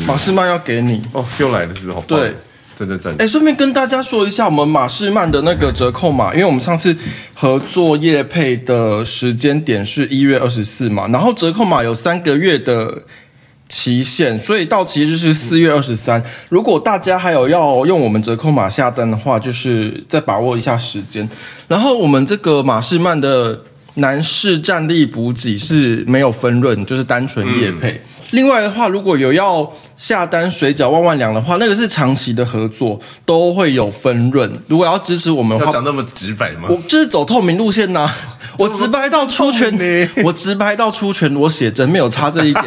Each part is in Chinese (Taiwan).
瑪仕曼要給你哦，又來了是不是？好對，對對對。哎，順便跟大家說一下我們瑪仕曼的那個折扣碼， 因為我們上次合作業配的時間點是一月二十四嘛，然後折扣碼有三個月的期限，所以到期日是四月二十三。如果大家還有要用我們折扣碼下單的話，就是再把握一下時間。然後我們這個瑪仕曼的男士戰力補給是沒有分潤，就是單純業配。嗯。另外的話，如果有要下單水餃萬萬兩的話，那個是長期的合作，都會有分潤。如果要支持我們，的話，要講那麼直白嗎？我就是走透明路線吶、啊。我直白到出拳，我直白到出拳，我寫真沒有差這一點。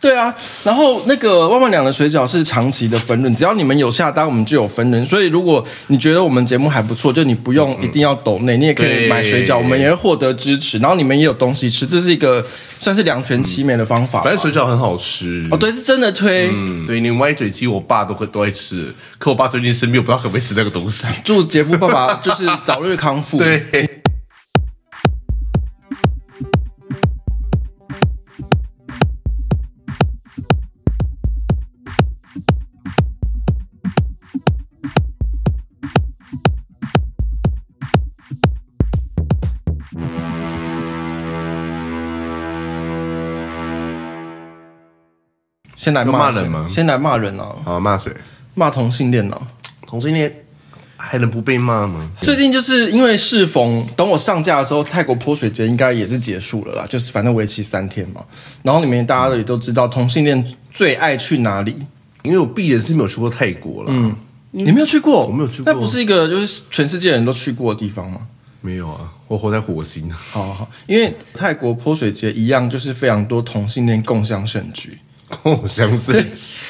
對對啊，然後那個萬萬兩的水餃是長期的分潤，只要你們有下單，我們就有分潤。所以如果你覺得我們節目還不錯，就你不用一定要抖內，你也可以買水餃，我們也會獲得支持，然後你們也有東西吃，這是一個算是兩全其美的方法。反正水餃很好吃哦，對，是真的推。對，你歪嘴雞，我爸都都愛吃，可我爸最近生病，不知道可不可以吃那個東西。祝杰夫爸爸就是早日康復。 對。先來罵人嗎？先來罵人啊！好啊，罵誰？罵同性戀啊！同性戀還能不被罵嗎？最近就是因為適逢等我上架的時候，泰國潑水節應該也是結束了啦。就是反正為期三天嘛。然後裡面大家也都知道，嗯、同性戀最愛去哪裡？因為我畢生是沒有去過泰國了。嗯，你沒有去過？我沒有去過。那不是一個就是全世界人都去過的地方嗎？沒有啊，我活在火星。好好好，因為泰國潑水節一樣就是非常多同性戀共襄盛舉。相 水，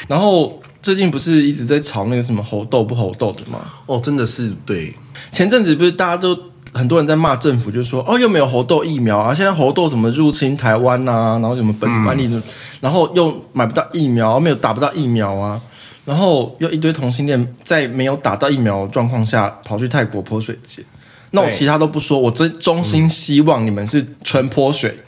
然後最近不是一直在吵那個什麼猴痘不猴痘的嗎？哦，真的是對。前陣子不是大家都很多人在罵政府，就說哦又沒有猴痘疫苗啊，現在猴痘怎麼入侵台灣吶、啊，然後什麼本土案例，然後又買不到疫苗，沒有打不到疫苗啊，然後又一堆同性戀在沒有打到疫苗狀況下跑去泰國潑水節。那我其他都不說，我真衷心希望你們是純潑水。嗯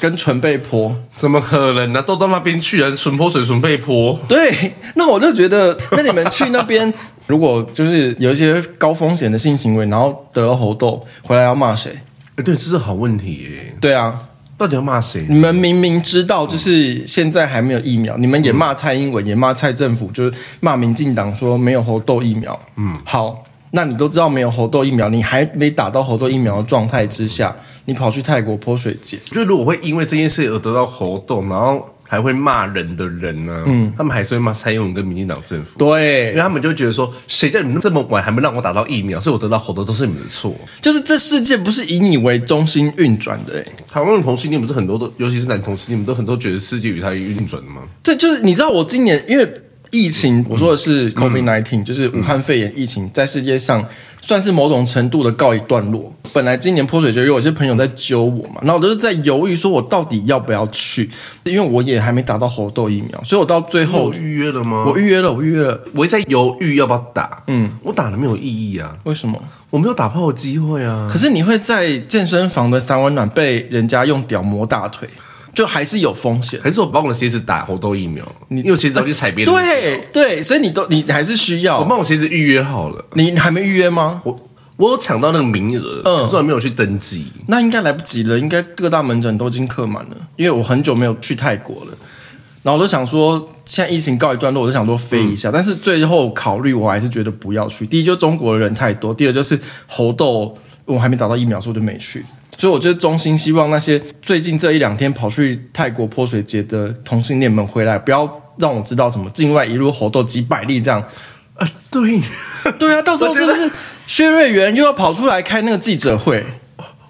跟純被潑，怎麼可能呢、啊？都到那邊去人、啊，唇潑水，唇被潑。對，那我就覺得，那你們去那邊， 如果就是有一些高風險的性行為，然後得了猴痘，回來要罵誰？哎、欸，對，這是好問題耶。對啊，到底要罵誰？你們明明知道，就是現在還沒有疫苗、嗯，你們也罵蔡英文，也罵蔡政府，就是罵民進黨，說沒有猴痘疫苗。嗯，好。那你都知道沒有猴痘疫苗，你還沒打到猴痘疫苗的狀態之下，你跑去泰國潑水節，就如果會因為這件事而得到猴痘，然後還會罵人的人呢、啊？嗯，他們還是會罵蔡英文跟民進黨政府。對，因為他們就覺得說，誰叫你們這麼晚還沒讓我打到疫苗，所以我得到猴痘都是你們的錯。就是這世界不是以你為中心運轉的、欸。台灣的同性戀你們是很多的，尤其是男同性，你們都很多覺得世界與他運轉的嗎？對，就是你知道我今年因為。疫情，我說的是 COVID-19，、嗯嗯、就是武漢肺炎疫情，在世界上算是某種程度的告一段落。本來今年潑水節，有些朋友在揪我嘛，然後我就是在猶豫，說我到底要不要去，因為我也還沒打到猴痘疫苗，所以我到最後我預約了嗎？我預約了，我預約了，我一直在猶豫要不要打。嗯，我打了沒有意義啊？為什麼？我沒有打炮的機會啊？可是你會在健身房的三溫暖被人家用屌磨大腿。就還是有風險，還是我幫我的鞋子打猴痘疫苗？你有鞋子要去踩別人？對對，所以你都你還是需要我幫我鞋子預約好了。你還沒預約嗎？我我有搶到那個名額，嗯，只是我沒有去登記。那應該來不及了，應該各大門診都已經客滿了。因為我很久沒有去泰國了，然後我都想說，現在疫情告一段落，我就想說飛一下，嗯。但是最後考慮，我還是覺得不要去。第一，就中國的人太多；第二，就是猴痘，我還沒打到疫苗，所以我就沒去。所以，我就是衷心希望那些最近這一兩天跑去泰國潑水節的同性戀們回來，不要讓我知道什麼境外一路活動幾百例這樣。啊，對，對啊，到時候真的是薛瑞元又要跑出來開那個記者會。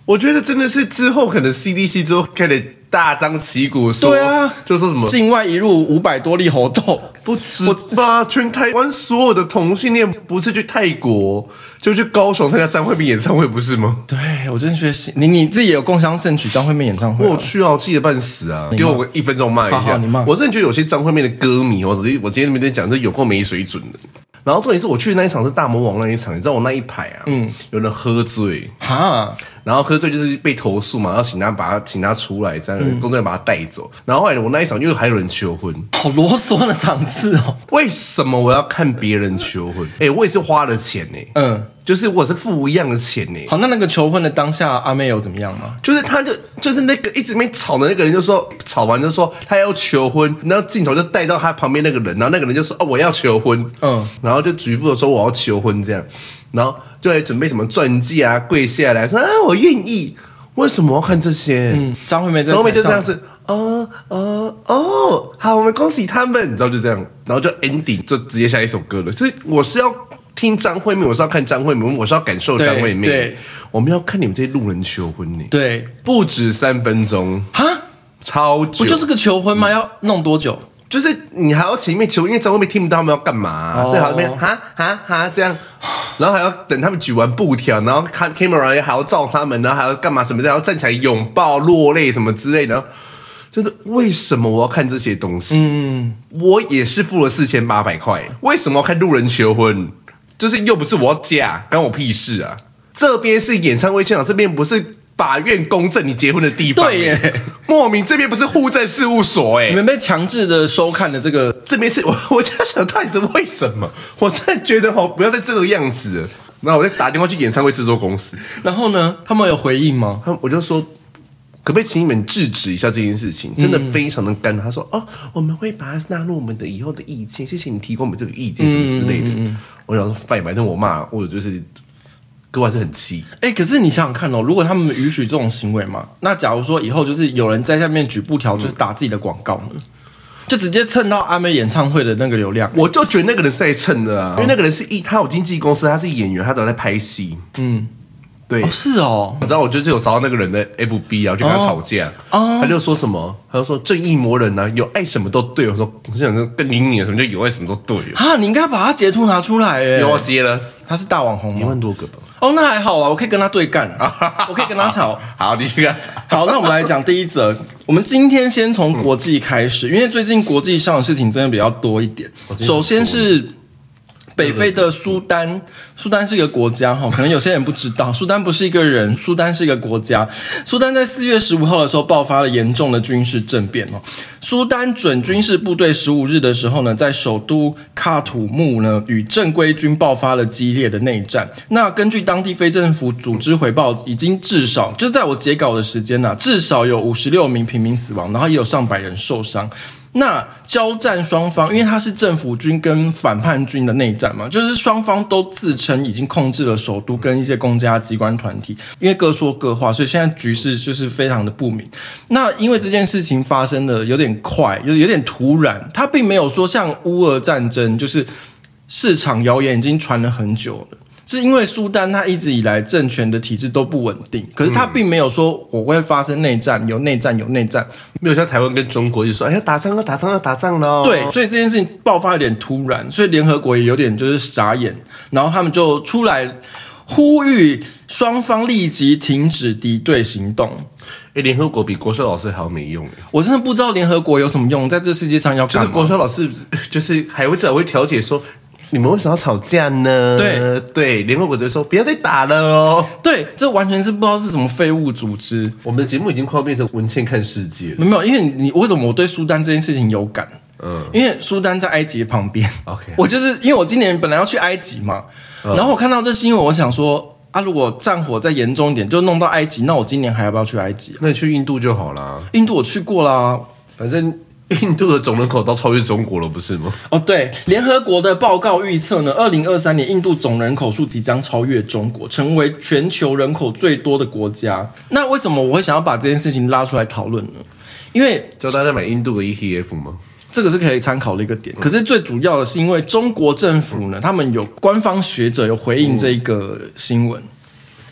我覺得真的是之後可能 CDC 之後開的。大張旗鼓說，對啊，就說什麼境外移入五百多例猴痘不止，我全台灣所有的同性戀不是去泰國，就去高雄參加張惠妹演唱會，不是嗎？對，我真覺得是你，你自己也有共襄盛舉張惠妹演唱會，啊，我有去好記啊，氣得半死啊！給我一分鐘罵一下，好好，我真的覺得有些張惠妹的歌迷，我直接，我今天在講，這有夠沒水準的。然後重點是我去的那一場是大魔王那一場，你知道我那一排啊，嗯，有人喝醉，哈，然後喝醉就是被投訴嘛，要請他把他請他出來，這樣，工作人員把他帶走。然後後來我那一場又還有人求婚，好囉嗦的場次哦。為什麼我要看別人求婚？哎、 欸，我也是花了錢呢、欸。嗯。就是，我是付一樣的錢呢？好，那那個求婚的當下，阿妹有怎麼樣嗎、啊？就是她就就是那個一直沒吵的那個人，就說吵完就說他要求婚，然後鏡頭就帶到他旁邊那個人，然後那個人就說哦，我要求婚，嗯，然後就局部的說我要求婚這樣，然後就來準備什麼鑽戒啊，跪下來說啊我願意，為什麼要看這些？嗯。張惠妹張惠妹就這樣子，哦、呃、哦、呃、哦，好，我們恭喜他們，然後就這樣，然後就 ending 就直接下一首歌了，所、就、以、是、我是要。聽張惠妹，我是要看張惠妹，我是要感受張惠妹，對對。我們要看你們這些路人求婚，欸，對，不止三分鐘哈，超久，不就是個求婚嗎，嗯？要弄多久？就是你還要前面求婚，因為張惠妹聽不到他們要幹嘛，啊，最好這邊哈哈哈這樣，這樣，然後還要等他們舉完布條，然後看 camera 還要照他們，然後還要幹嘛什麼？然後要站起來擁抱落淚什麼之類的，然後，就是為什麼我要看這些東西？嗯，我也是付了四千八百塊，為什麼要看路人求婚？就是又不是我嫁，關我屁事啊！這邊是演唱會現場，這邊不是法院公證你結婚的地方、欸。對耶，莫名這邊不是戶政事務所誒、欸。你們被強制的收看了這個這，這邊是我，我在想到，到底是為什麼？我真的覺得好，不要再這個樣子了。然後我就打電話去演唱會制作公司，然後呢，他們有回應嗎？他，我就說。可不可以請你們制止一下這件事情？真的非常的幹。他說：“哦，我們會把它納入我們的以後的意見。謝謝你提供我們這個意見什麼之類的。嗯嗯嗯嗯。”我想說，反正我罵或者就是還是很氣、欸。可是你想想看哦，如果他們允許這種行為嘛，那假如說以後就是有人在下面舉布條，就是打自己的廣告、嗯，就直接蹭到阿妹演唱會的那個流量，我就覺得那個人是在蹭的啊。因為那個人是一，他有經紀公司，他是演員，他都在拍戲。嗯。對、哦，是哦。然後我就是有找到那個人的 FB 啊，我就跟他吵架啊、哦。他就說什麼，他就說正義魔人吶、啊，有愛什麼都對。我說，我想說你想跟跟你擰什麼，就有愛什麼都對。啊，你應該把他截圖拿出來耶。有截了，他是大網紅、哦，一萬多個吧。哦，那還好啊，我可以跟他對幹、啊， 我可以跟他吵。 好，你去幹。好，那我們來講第一則。 我們今天先從國際開始、嗯，因為最近國際上的事情真的比較多一點。首先是。北非的蘇丹，蘇丹是一個國家哈，可能有些人不知道，蘇丹不是一個人，蘇丹是一個國家。蘇丹在四月十五號的時候爆發了嚴重的軍事政變哦，蘇丹準軍事部隊十五日的時候呢，在首都喀土穆呢與正規軍爆發了激烈的內戰。那根據當地非政府組織回報，已經至少就在我截稿的時間呢、啊，至少有五十六名平民死亡，然後也有上百人受傷。那交戰雙方，因為它是政府軍跟反叛軍的內戰嘛，就是雙方都自稱已經控制了首都跟一些公家機關團體，因為各說各話，所以現在局勢就是非常的不明。那因為這件事情發生的有點快，就是有點突然，它並沒有說像烏俄戰爭，就是市場謠言已經傳了很久了。是因為蘇丹他一直以來政權的體制都不穩定，可是他並沒有說我會發生內戰，有內戰有內戰，沒有像台灣跟中國就說，哎呀，打仗了，打仗了，打仗了。對，所以這件事情爆發有點突然，所以聯合國也有點就是傻眼，然後他們就出來呼籲雙方立即停止敵對行動。誒、欸，聯合國比國修老師還要沒用，我真的不知道聯合國有什麼用，在這世界上要幹嘛、這個、國修老師就是還會再會調解說。你們為什麼要吵架呢？對對，聯合國就說不要再打了哦。對，這完全是不知道是什麼廢物組織。我們的節目已經快要變成文茜看世界了。沒有，沒有，因為你為什麼我對蘇丹這件事情有感？嗯，因為蘇丹在埃及的旁邊。OK，我就是因為我今年本來要去埃及嘛，嗯、然後我看到這新聞，我想說啊，如果戰火再嚴重一點，就弄到埃及，那我今年還要不要去埃及，啊？那你去印度就好啦。印度我去過啦，反正。印度的總人口都超越中國了，不是嗎？哦，對，聯合國的報告預測呢，二零二三年印度總人口數即將超越中國，成為全球人口最多的國家。那為什麼我會想要把這件事情拉出來討論呢？因為教大家買印度的 ETF 嗎？這個是可以參考的一個點、嗯。可是最主要的是因為中國政府呢，嗯、他們有官方學者有回應這一個新聞。嗯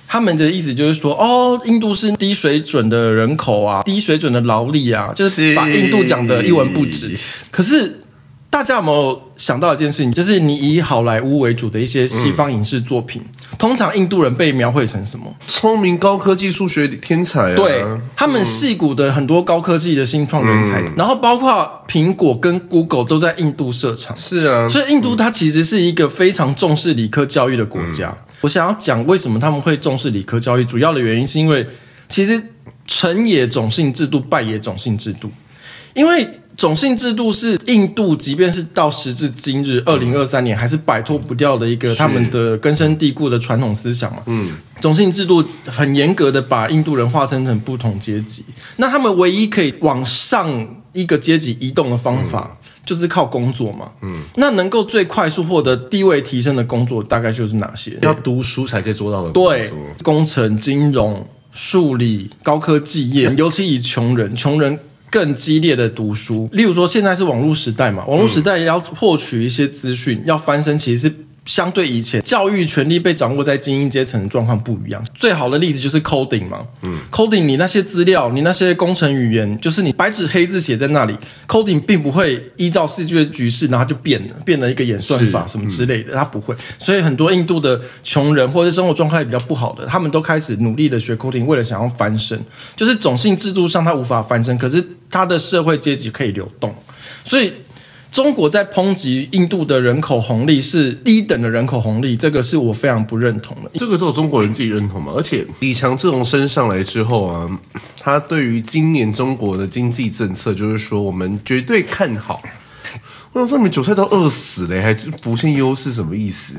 他們的意思就是說，哦，印度是低水準的人口啊，低水準的勞力啊，就是把印度講得一文不值。可是，大家有沒有想到一件事情？就是你以好萊塢為主的一些西方影視作品，嗯、通常印度人被描繪成什麼？聰明、高科技、數學天才、啊。對，他們矽谷的很多高科技的、新創人才、嗯，然後包括蘋果跟 Google 都在印度設廠。是啊，所以印度它其實是一個非常重視理科教育的國家。嗯我想要講為什麼他們會重視理科教育，主要的原因是因為，其實成也種姓制度，敗也種姓制度，因為種姓制度是印度，即便是到時至今日，二零二三年還是擺脫不掉的一個他們的根深蒂固的傳統思想嘛。嗯，種姓制度很嚴格的把印度人劃分成不同階級，那他們唯一可以往上一個階級移動的方法，嗯就是靠工作嘛，嗯，那能夠最快速獲得地位提升的工作大概就是哪些？要讀書才可以做到的工作。對，工程、金融、數理、高科技業， 尤其以窮人，窮人更激烈的讀書。例如說，現在是網絡時代嘛，網絡時代要獲取一些資訊、嗯，要翻身其實是。相對以前，教育權利被掌握在精英階層的狀況不一樣。最好的例子就是 coding 嘛，嗯，coding 你那些資料，你那些工程語言，就是你白紙黑字寫在那裡，coding 並不會依照世界的局勢，然後就變了，變了一個演算法什麼之類的，它，嗯，不會。所以很多印度的窮人或者生活狀態比較不好的，他們都開始努力的學 coding，為了想要翻身。就是種姓制度上他無法翻身，可是他的社會階級可以流動，所以。中國在抨擊印度的人口紅利是低等的人口紅利，這個是我非常不認同的。這個只有中國人自己認同嘛？而且李強自從升上來之後啊，他對於今年中國的經濟政策，就是說我們絕對看好。我想說，你們韭菜都餓死了、欸，還不限優勢什麼意思？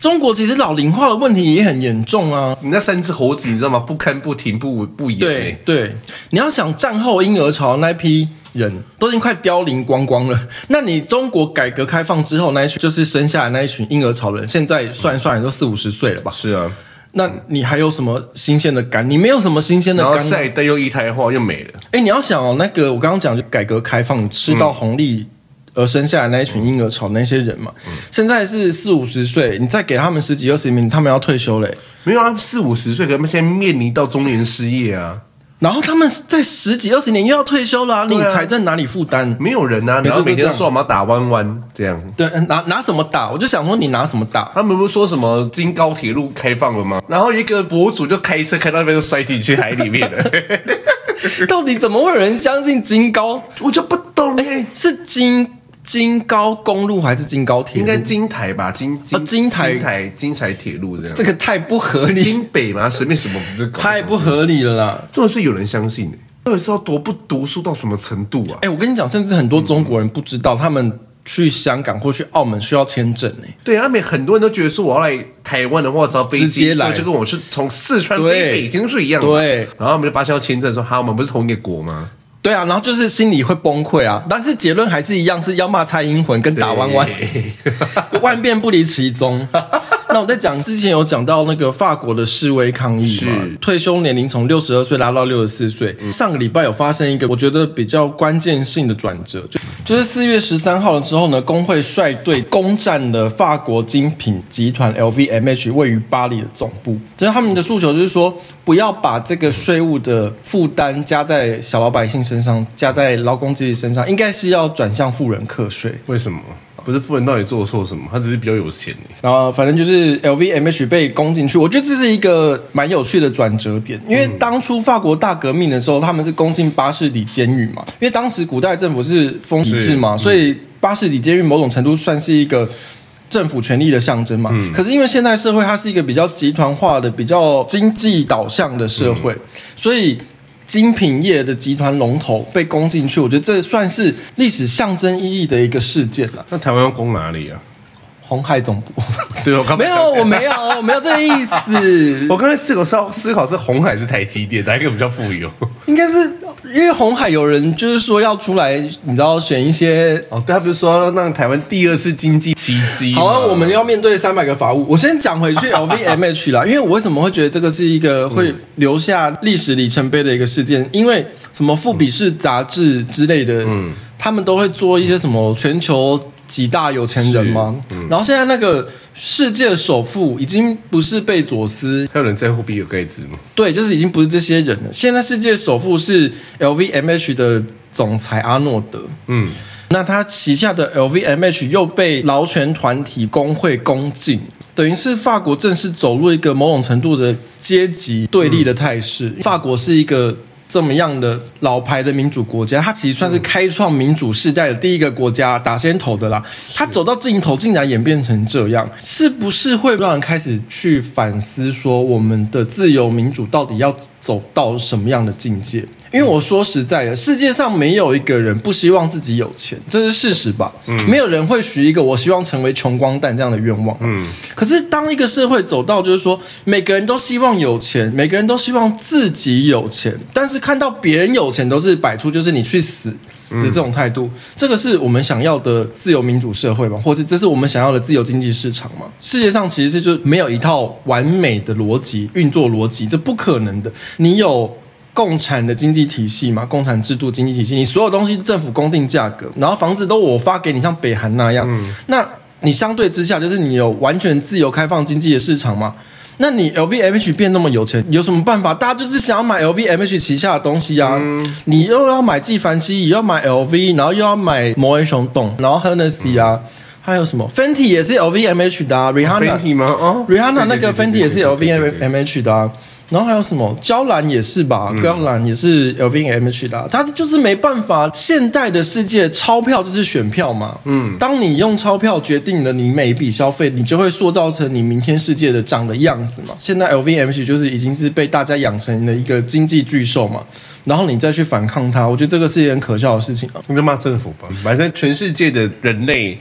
中國其實老齡化的問題也很嚴重啊。你那三隻猴子，你知道嗎？不看不聽不不演、欸。對對，你要想戰後嬰兒潮那一批。人都已經快凋零光光了。那你中國改革開放之後那一群就是生下的那一群嬰兒潮人，現在算一算也都四五十歲了吧？是啊。那你還有什麼新鮮的肝？你沒有什麼新鮮的肝。然後再又一胎化又沒了。哎、欸，你要想哦，那個我剛剛講就改革開放吃到紅利而生下的那一群嬰兒潮那些人嘛、嗯嗯，現在是四五十歲，你再給他們十幾二十幾年，他們要退休嘞。沒有啊，四五十歲，可他們現在面臨到中年失業啊。然後他們在十幾二十年又要退休了，啊啊，你財政哪裡負擔？沒有人啊！然後每天都說我們要打灣灣這樣。對，拿拿什麼打？我就想說你拿什麼打？他們不是說什麼京高鐵路開放了嗎？然後一個博主就開車開到那邊就摔進去海裡面了。 到底怎麼會有人相信京高？ 我就不懂了，欸欸。是京。京高公路還是京高鐵？應該京台吧，京啊，京台、京台鐵路這樣。這個太不合理了。京北嘛隨便什麼不是？太不合理了啦！重點是有人相信的，到底是有多不讀書到什麼程度啊？哎、欸，我跟你講，甚至很多中國人不知道，嗯嗯他們去香港或去澳門需要簽證誒、欸。對，他們很多人都覺得說，我要來台灣的話只要飛機，直接來就跟我是從四川飛北京是一樣的。對，然後我們就發現要簽證，說哈，我們不是同一個國嗎？對啊，然後就是心裡會崩潰啊，但是結論還是一樣，是要罵蔡英文跟打彎彎， 萬變不離其宗。那我在講之前有講到那個法國的示威抗議嘛，退休年齡從六十二歲拉到六十四歲、嗯，上個禮拜有發生一個我覺得比較關鍵性的轉折。就就是四月十三號的時候呢，工會率隊攻佔了法國精品集團 LVMH 位於巴黎的總部。就是他們的訴求就是說，不要把這個稅務的負擔加在小老百姓身上，加在勞工自己身上，應該是要轉向富人課稅。為什麼？不是富人到底做錯什麼，他只是比較有錢。然後、啊、反正就是 LVMH 被攻進去，我覺得這是一個蠻有趣的轉折點。因為當初法國大革命的時候，他們是攻進巴士底監獄嘛。因為當時古代政府是封建制嘛，所以巴士底監獄某種程度算是一個政府權力的象徵嘛。嗯、可是因為現代社會，它是一個比較集團化的、比較經濟導向的社會，嗯、所以。精品業的集團龍頭被攻進去，我覺得這算是歷史象徵意義的一個事件了。那台灣要攻哪裡啊？鴻海總部 對，我剛剛沒有，我沒有，我沒有 這個意思。 我剛才思考是思考是鴻海還是台積電，哪一個比較富有？應該是。因為紅海有人就是說要出來，你知道選一些哦，他不是說讓台灣第二次經濟奇蹟？好啊，我們要面對三百個法務。我先講回去 LVMH 啦，因為我為什麼會覺得這個是一個會留下歷史里程碑的一個事件？因為什麼富比士雜誌之類的，嗯，他們都會做一些什麼全球幾大有錢人嗎？然後現在那個。世界首富已經不是貝佐斯，還有人在乎比爾蓋茲嗎？對，就是已經不是這些人了。現在世界首富是 LVMH 的總裁阿諾德。嗯，那他旗下的 LVMH 又被勞權團體工會攻進，等於是法國正式走入一個某種程度的階級對立的態勢。法國是一個。這麼樣的老牌的民主國家，它其實算是開創民主世代的第一個國家，打先頭的啦。它走到盡頭，竟然演變成這樣，是不是會讓人開始去反思，說我們的自由民主到底要走到什麼樣的境界？因為我說實在的，世界上沒有一個人不希望自己有錢，這是事實吧？嗯、沒有人會許一個我希望成為窮光蛋這樣的願望。嗯。可是，當一個社會走到就是說，每個人都希望有錢，每個人都希望自己有錢，但是看到別人有錢都是擺出就是你去死的這種態度，嗯、這個是我們想要的自由民主社會嗎？或者，這是我們想要的自由經濟市場嗎？世界上其實是就沒有一套完美的邏輯運作邏輯，這不可能的。你有。共產的經濟體系嘛，共產制度經濟體系，你所有東西政府公定價格，然後房子都我發給你，像北韓那樣。嗯、那你相對之下，就是你有完全自由開放經濟的市場嘛？那你 L V M H 變那麼有錢，有什麼辦法？大家就是想要買 L V M H 旗下的東西啊！嗯、你又要買紀梵希，又要買 L V，然後又要買摩根熊洞，然後 Hennessy 啊、嗯，還有什麼？Fenty 也是 L V M H 的、啊哦、Rihanna、Fenty、嗎？哦，Rihanna 對對對對對對對對那個 Fenty 也是 L V M H 的、啊。然後還有什麼？嬌蘭也是吧，嗯、嬌蘭也是 L V M H 的、啊，它就是沒辦法。現代的世界，鈔票就是選票嘛。嗯，當你用鈔票決定了你每一筆消費，你就會塑造成你明天世界的長的樣子嘛。現在 L V M H 就是已經是被大家養成了一個經濟巨獸嘛。然後你再去反抗它，我覺得這個是一件可笑的事情啊。你就罵政府吧，反正全世界的人類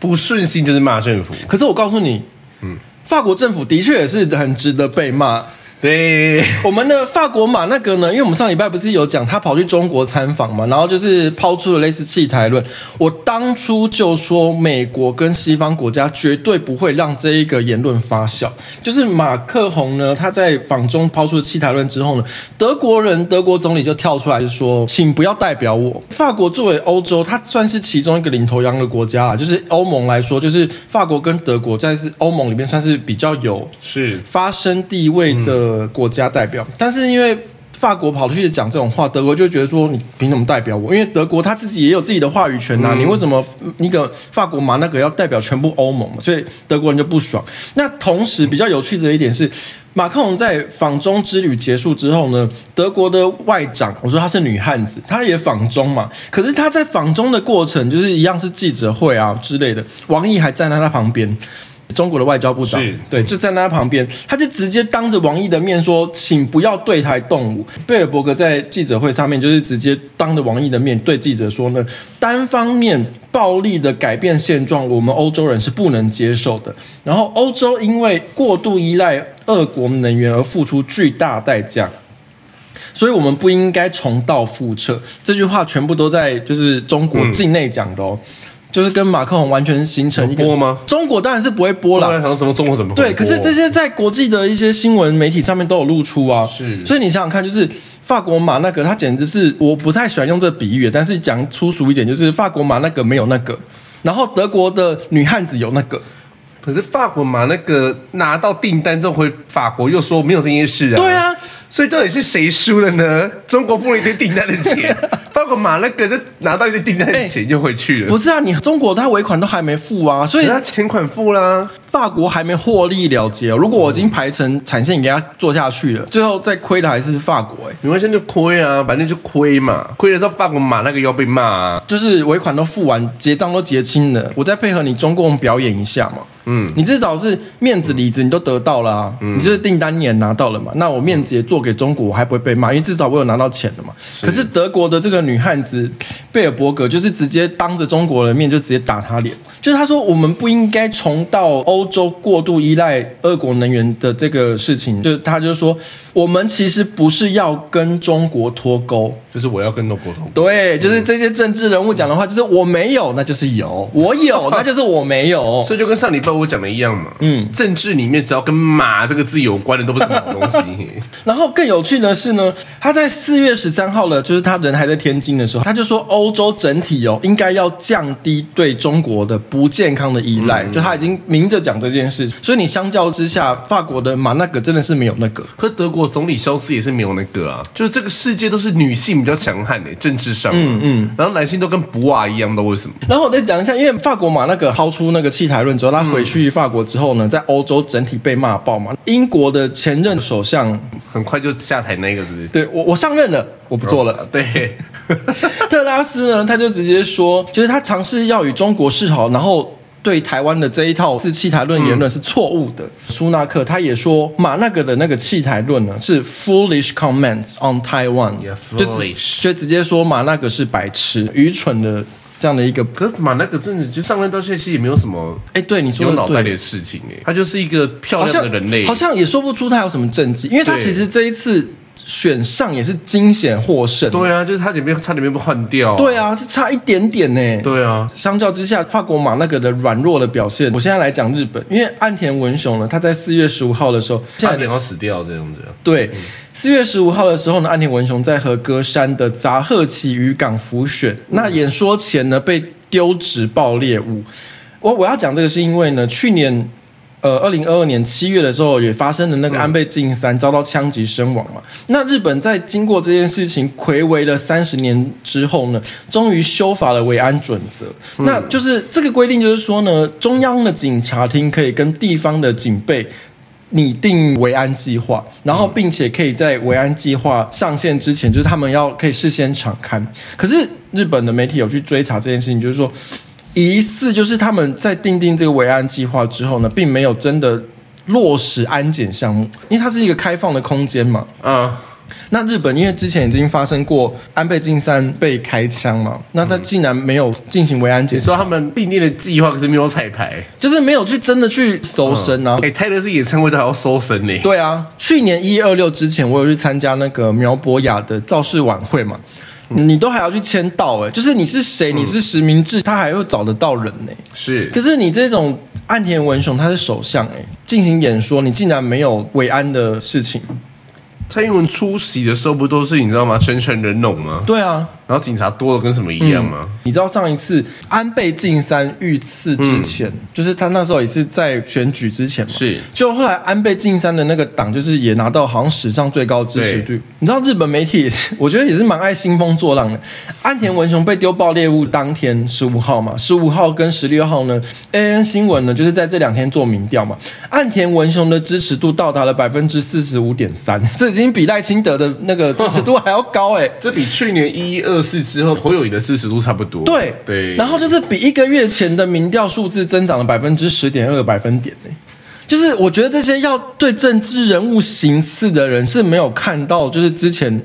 不順心就是罵政府。可是我告訴你，嗯，法國政府的確也是很值得被罵。對，我們的法國馬那個呢？因為我們上禮拜不是有講他跑去中國參訪嘛，然後就是拋出了類似棄台論。我當初就說，美國跟西方國家絕對不會讓這一個言論發酵。就是馬克宏呢，他在訪中拋出了棄台論之後呢，德國人德國總理就跳出來說：“請不要代表我。”法國作為歐洲，它算是其中一個領頭羊的國家啦，就是歐盟來說，就是法國跟德國在是歐盟裡面算是比較有是發聲地位的。嗯呃，國家代表，但是因為法國跑出去講這種話，德國就覺得說你憑什麼代表我？因為德國他自己也有自己的話語權吶、啊嗯，你為什麼那個法國嘛那個要代表全部歐盟嘛？所以德國人就不爽。那同時比較有趣的一點是，馬克龍在訪中之旅結束之後呢，德國的外長，我說他是女漢子，他也訪中嘛，可是他在訪中的過程就是一樣是記者會啊之類的，王毅還站在他旁邊。中國的外交部長對，就站在他旁邊，他就直接當着王毅的面說：“請不要對台動武。”貝爾伯格在記者會上面就是直接當着王毅的面對記者說呢：“單方面暴力的改變現狀，我們歐洲人是不能接受的。然後歐洲因為過度依賴俄國能源而付出巨大代價，所以我們不應該重蹈覆轍。”這句話全部都在就是中國境內講的哦。嗯就是跟馬克宏完全形成一波嗎？中國當然是不會播了。對，可是這些在國際的一些新聞媒體上面都有露出啊。是，所以你想想看，就是法國馬那個，他簡直是，我不太喜歡用這個比喻，但是講粗俗一點，就是法國馬那個沒有那個，然後德國的女漢子有那個。可是法國嘛，那個拿到訂單之後回法國又說沒有這件事啊。對啊，所以到底是誰輸的呢？中國付了一堆訂單的錢， 法國嘛那個就拿到一堆訂單的錢就回去了。欸、不是啊，你中國他尾款都還沒付啊，所以他前款付啦。法國還沒獲利了結、哦。如果我已經排成產線，你給他做下去了、哦，最後再虧的還是法國哎。沒關係，就虧啊，反正就虧嘛，虧了之後法國嘛那個要被罵、啊。就是尾款都付完，結賬都結清了，我再配合你中共表演一下嘛。嗯，你至少是面子、裡子你都得到了啊，嗯，你就是訂單你也拿到了嘛，嗯。那我面子也做給中國，我還不會被罵，因為至少我有拿到錢了嘛。是。可是德國的這個女漢子貝爾伯格，就是直接當着中國人的面就直接打他臉。就是他說，我們不應該重蹈歐洲過度依賴俄國能源的這個事情。就是他就是說，我們其實不是要跟中國脫鈎，就是我要跟中國脫鈎。對，就是這些政治人物講的話、嗯，就是我沒有，那就是有；我有，那就是我沒有。哈哈所以就跟上禮拜我講的一樣嘛。嗯，政治裡面只要跟“馬”這個字有關的，都不是什麼好東西。 然後更有趣的是呢，他在四月十三號了，就是他人還在天津的時候，他就說歐洲整體哦，應該要降低對中國的。不健康的依賴，就他已經明着講這件事、嗯、所以你相較之下，法國的馬那格真的是沒有那個，和德國總理蕭茲也是沒有那個啊，就是這個世界都是女性比較強悍的、欸，政治上，嗯嗯，然後男性都跟布瓦一樣的。為什麼？然後我再講一下，因為法國馬那格拋出那個棄台論之後，他回去法國之後呢，在歐洲整體被罵爆嘛，英國的前任首相，很快就下台那個是不是？對，我我上任了，我不做了。Bro, 對， 特拉斯呢，他就直接說，就是他嘗試要與中國示好，然後對台灣的這一套是“棄台論”言論是錯誤的。嗯、蘇納克他也說馬那個的那個“棄台論”呢是 “foolish comments on Taiwan”，yeah, 就，就直接說馬那個是白痴、愚蠢的。這樣的一個，可是馬那個政就上任到現在其實也沒有什麼，哎、欸，對你說的有腦袋的事情哎，他就是一個漂亮的人類好，好像也說不出他有什麼政績，因為他其實這一次選上也是驚險獲勝。對，對啊，就是他裡面，差點被換掉。啊，對啊，是差一點點呢，對啊，相較之下，法國馬那個的軟弱的表現。我現在來講日本，因為岸田文雄呢，他在四月十五號的時候，差一點要死掉這樣子，對。嗯四月十五號的時候呢，岸田文雄在和歌山的雜賀崎漁港浮選那演說前呢，被丟擲爆裂物。我我要講這個是因為呢，去年呃二零二二年七月的時候也發生了那個安倍晉三、嗯、遭到槍擊身亡嘛。那日本在經過這件事情，睽違了三十年之後呢，終於修法了維安準則。那就是這個規定，就是說呢，中央的警察廳可以跟地方的警備。擬定維安計劃，然後並且可以在維安計劃上線之前，就是他們要可以事先場勘。可是日本的媒體有去追查這件事情，就是說，疑似就是他們在訂定這個維安計劃之後呢，並沒有真的落實安檢項目，因為它是一個開放的空間嘛。啊、嗯那日本因為之前已經發生過安倍晉三被開槍嘛，嗯、那他竟然沒有進行維安檢查，說他們並列的計劃可是沒有彩排，就是沒有去真的去搜身啊。哎、嗯欸，泰勒斯演唱會都還要搜身嘞，欸。對啊，去年一二六之前我有去參加那個苗博雅的造勢晚會嘛、嗯，你都還要去簽到哎，就是你是誰、嗯，你是實名制，他還會找得到人呢，欸。是，可是你這種岸田文雄他是首相哎、欸，進行演說，你竟然沒有維安的事情。蔡英文出席的時候，不都是你知道嗎？全程人龍嗎？對啊。然後警察多的跟什麼一樣嗎？嗯、你知道上一次安倍晉三遇刺之前、嗯，就是他那時候也是在選舉之前嘛？是。就後來安倍晉三的那個黨，就是也拿到好像史上最高的支持率對。你知道日本媒體也是，我覺得也是蠻愛興風作浪的。岸田文雄被丟爆裂物當天，十五號嘛，十五號跟十六號呢，AN 新聞呢，就是在這兩天做民調嘛。岸田文雄的支持度到達了百分之四十五點三，這已經比賴清德的那個支持度還要高哎，欸，這比去年一二。四之後，侯友宜的支持度差不多，對對，然後就是比一個月前的民調數字增長了百分之十點二百分點呢，就是我覺得這些要對政治人物行刺的人是沒有看到，就是之前。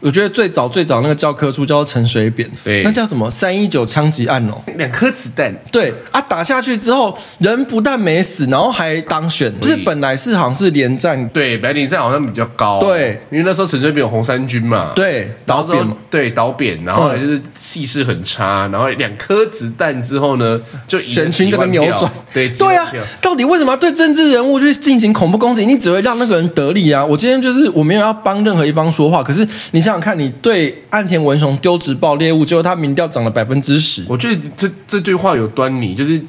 我覺得最早最早那個教科書叫做陳水扁，對，那叫什麼三一九槍擊案哦、喔，兩顆子彈，對啊，打下去之後人不但沒死，然後還當選、啊，不是本來是好像是連戰，對，白領戰好像比較高、啊，對，因為那時候陳水扁有紅衫軍嘛，對，倒扁，後後對倒扁，然後就是氣勢很差，嗯、然後兩顆子彈之後呢，就選情這個扭轉，對，對啊，到底為什麼要對政治人物去進行恐怖攻擊？你只會讓那個人得利啊！我今天就是我沒有要幫任何一方說話，可是你。你想看你對岸田文雄丟擲爆裂物，結果他民調漲了百分之十。我覺得這這句話有端倪，就是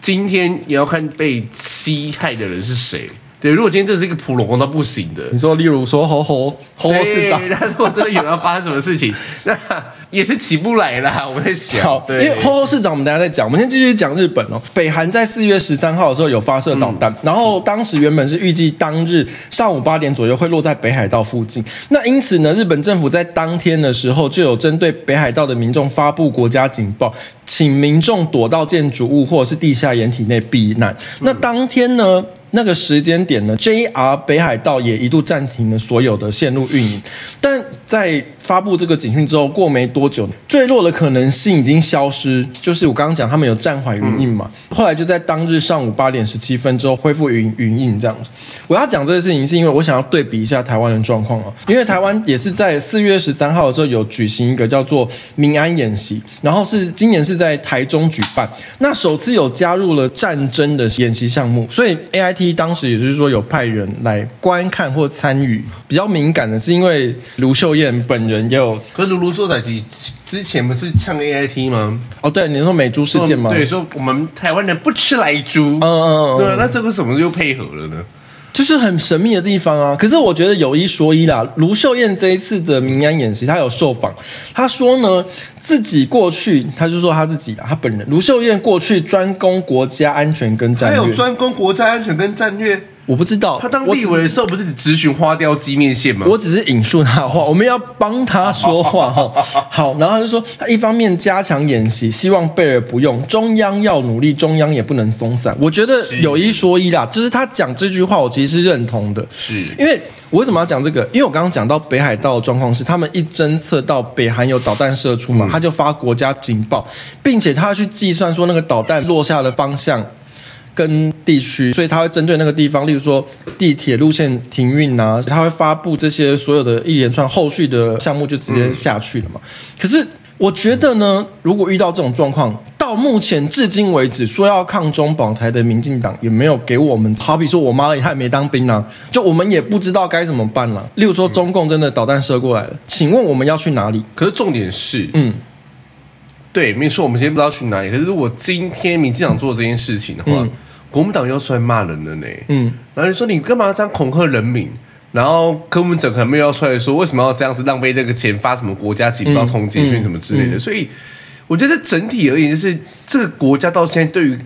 今天也要看被侵害的人是誰。對，如果今天這是一個普羅，他不行的。你說，例如說，侯侯侯市長，但是我真的有要發生什麼事情。 那也是起不來啦。我在想，對，因為侯侯市長我們等下再講，我們先繼續講日本哦。北韓在四月十三號的時候有發射導彈，嗯，然後當時原本是預計當日上午八點左右會落在北海道附近。那因此呢，日本政府在當天的時候就有針對北海道的民眾發布國家警報，請民眾躲到建築物或者是地下掩體內避難。那當天呢，那個時間點呢，JR 北海道也一度暫停了所有的線路運營，但在。發佈這個警訊之後，過沒多久，墜落的可能性已經消失，就是我剛剛講他們有暫緩云印嘛。後來就在當日上午八點十七分之後恢復云云印這樣子。我要講這個事情，是因為我想要對比一下台灣的狀況啊，因為台灣也是在四月十三號的時候有舉行一個叫做“民安演習”，然後是今年是在台中舉辦，那首次有加入了戰爭的演習項目，所以 AIT 當時也就是說有派人來觀看或參與。比較敏感的是因為盧秀燕本人。跟可是盧在家之之前不是嗆 A I T 嗎？哦，對，你說美豬事件嗎？對，說我們台灣人不吃萊豬。嗯嗯，對，那這個什麼又配合了呢？就是很神秘的地方啊。可是我覺得有一說一啦，盧秀燕這一次的民安演習，她有受訪，她說呢，自己過去，她就說她自己，她本人盧秀燕過去專攻國家安全跟戰略，他有專攻國家安全跟戰略。我不知道他當立委的時候是不是你質詢，花雕雞麵線嗎？我只是引述他的話，我們要幫他說話哈、啊啊啊啊啊。好，然後他就說，他一方面加強演習，希望備而不用；中央要努力，中央也不能鬆散。我覺得有一說一啦，是，就是他講這句話，我其實是認同的。是因為我為什麼要講這個？因為我剛剛講到北海道的狀況是，他們一偵測到北韓有導彈射出嘛、嗯，他就發國家警報，並且他去計算說那個導彈落下的方向跟地區，所以他會針對那個地方，例如說地鐵路線停運啊，他會發布這些所有的一連串後續的項目就直接下去了嘛。嗯。可是我覺得呢，如果遇到這種狀況，到目前至今為止，說要抗中保台的民進黨也沒有給我們，好比說我媽媽也還沒當兵啊，就我們也不知道該怎麼辦了啊。例如說，中共真的導彈射過來了，請問我們要去哪裡？可是重點是，嗯，對，沒錯，我們今天不知道去哪裡。可是如果今天民進黨做這件事情的話，嗯國民黨又出來罵人了呢。嗯，然後你說你幹嘛這樣恐嚇人民？然後柯文哲可能又要出來說，為什麼要這樣子浪費這個錢發什麼國家級不到通緝令什麼之類的？所以我覺得整體而言，就是這個國家到現在對於。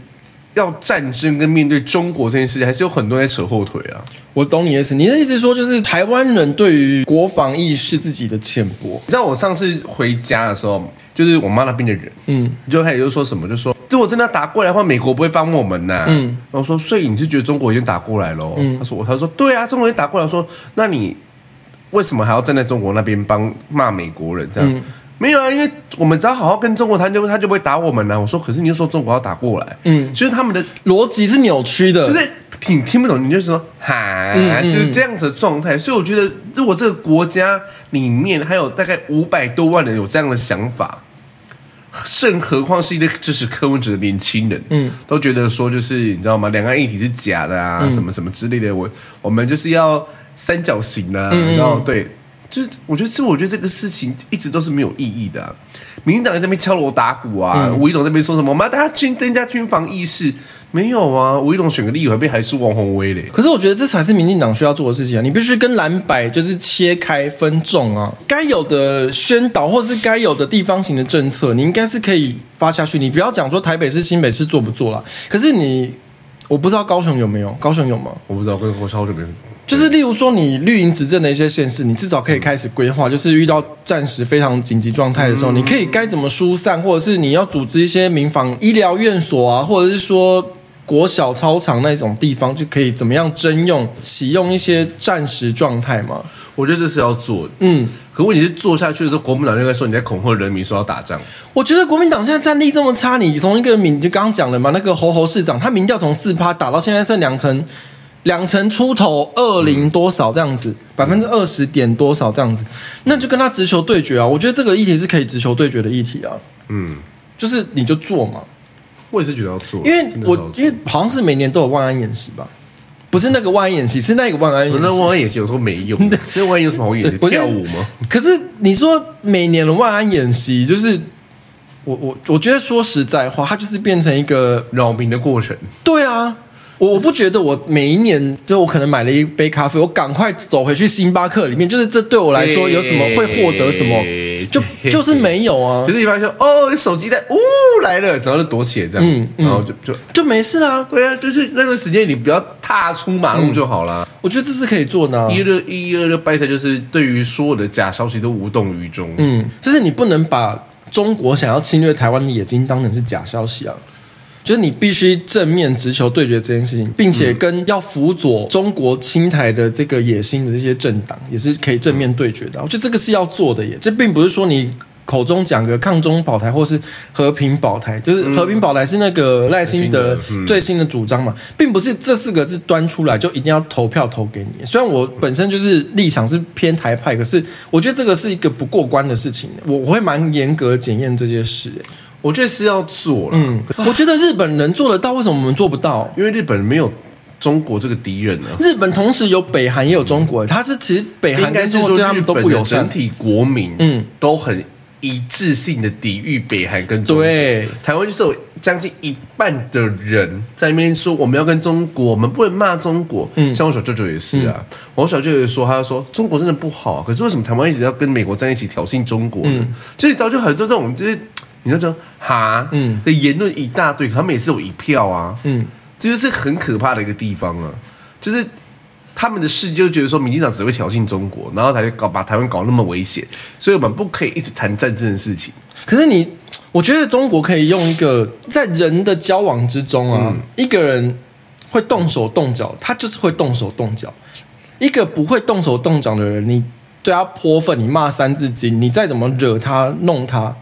要戰爭跟面對中國這件事情，還是有很多人在扯後腿啊！我懂你的意思，你的意思說就是台灣人對於國防意識自己的淺薄。你知道我上次回家的時候，就是我媽那邊的人，嗯，就開始就說什麼，就說如果真的打過來的話，美國不會幫我們吶、啊。嗯，然後說，所以你是覺得中國已經打過來了、嗯？他說我，他說，對啊，中國已經打過來了。說那你為什麼還要站在中國那邊幫罵美國人這樣？嗯沒有啊，因為我們只要好好跟中國談，就他就不會,會打我們了、啊。我說，可是你又說中國要打過來，嗯，所、就、以、是、他們的邏輯是扭曲的，就是挺聽,聽不懂。你就說，哈嗯嗯，就是這樣子的狀態。所以我覺得，如果這個國家裡面還有大概五百多萬人有這樣的想法，甚何況是一個支持柯文哲的年輕人，嗯，都覺得說，就是你知道嗎？兩岸一體是假的啊、嗯，什麼什麼之類的。我我們就是要三角形啊，然、嗯、後、嗯、對。就，就是我覺得，其我覺得這個事情一直都是沒有意義的、啊。民進黨在那邊敲鑼打鼓啊，吳、嗯、怡農在那邊說什麼？我們要大家增增加軍防意識，沒有啊？吳怡農選個立委，那邊還是王鴻薇嘞。可是我覺得這才是民進黨需要做的事情啊！你必須跟藍白就是切開分眾啊，該有的宣導或是該有的地方型的政策，你應該是可以發下去。你不要講說台北市、新北市做不做了，可是你我不知道高雄有沒有，高雄有嗎？我不知道，跟郭超準備。就是例如說，你綠營執政的一些縣市，你至少可以開始規劃，就是遇到戰時非常緊急狀態的時候，你可以該怎麼疏散，或者是你要組織一些民防醫療院所啊，或者是說國小操場那種地方，就可以怎麼樣徵用啟用一些戰時狀態嗎？我覺得這是要做的，嗯，可問題是做下去的時候，國民黨應該說你在恐嚇人民，說要打仗。我覺得國民黨現在戰力這麼差，你從一個民就剛剛講了嘛，那個侯侯市長，他民調從四趴打到現在剩兩成。兩成出頭，二零多少這樣子，百分之二十點多少這樣子，嗯、那就跟他直球對決啊！我覺得這個議題是可以直球對決的議題啊。嗯，就是你就做嘛。我也是覺得要做，因為我因為好像是每年都有萬安演習吧？不是那個萬安演習，是那個萬安演習。演、哦，那萬安演習有時候沒用，所 那萬安有什麼好演習，跳舞嗎？是 可是你說每年的萬安演習，就是我我我覺得說實在話，它就是變成一個擾民的過程。對啊。我不覺得我每一年就我可能買了一杯咖啡，我趕快走回去星巴克裡面，就是這對我來說有什麼會獲得什麼，嘿嘿嘿就就是沒有啊。其實一般說哦，手機在，嗚、哦、來了，然後就躲起來這樣，嗯嗯，然後就就就沒事啊。對啊，就是那段時間你不要踏出馬路就好了，嗯。我覺得這是可以做呢、啊。一六一一二六，拜登就是對於所有的假消息都無動於衷。嗯，就是你不能把中國想要侵略台灣的野心當成是假消息啊。就是你必須正面直球對決這件事情，並且跟要輔佐中國侵台的這個野心的這些政黨，也是可以正面對決的。我覺得這個是要做的耶，也這並不是說你口中講個抗中保台，或是和平保台，就是和平保台是那個賴清德最新的主張嘛，並不是這四個字端出來就一定要投票投給你。雖然我本身就是立場是偏台派，可是我覺得這個是一個不過關的事情，我會蠻嚴格檢驗這些事。我覺得是要做了。嗯，我覺得日本人做得到，為什麼我們做不到？因為日本人沒有中國這個敵人呢、啊。日本同時有北韓也有中國，嗯、他是其實北韓應該是說他們都不友善，整體國民嗯都很一致性的抵御北韓跟中國。嗯、對台灣就是有將近一半的人在那邊說我們要跟中國，我們不能罵中國。嗯，像我小舅舅也是啊，嗯、我小舅舅說他說中國真的不好，可是為什麼台灣一直要跟美國在一起挑釁中國呢？所以早就很多這種就是。你就說哈嗯的言論一大堆，他們也是有一票啊，嗯，這就是很可怕的一個地方啊，就是他們的事就覺得說民進黨只會挑釁中國，然後才搞把台灣搞那麼危險，所以我們不可以一直談戰爭的事情。可是你，我覺得中國可以用一個在人的交往之中啊、嗯，一個人會動手動腳，他就是會動手動腳；一個不會動手動腳的人，你對他潑糞，你罵三字經，你再怎麼惹他弄他，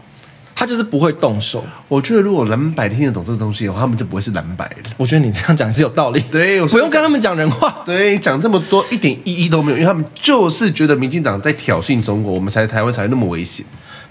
他就是不會動手。我覺得如果藍白聽得懂這個東西的話，他們就不會是藍白的。我覺得你這樣講是有道理。對，我不用跟他們講人話。對，講這麼多一點意義都沒有，因為他們就是覺得民進黨在挑釁中國，我們才台灣才會那麼危險。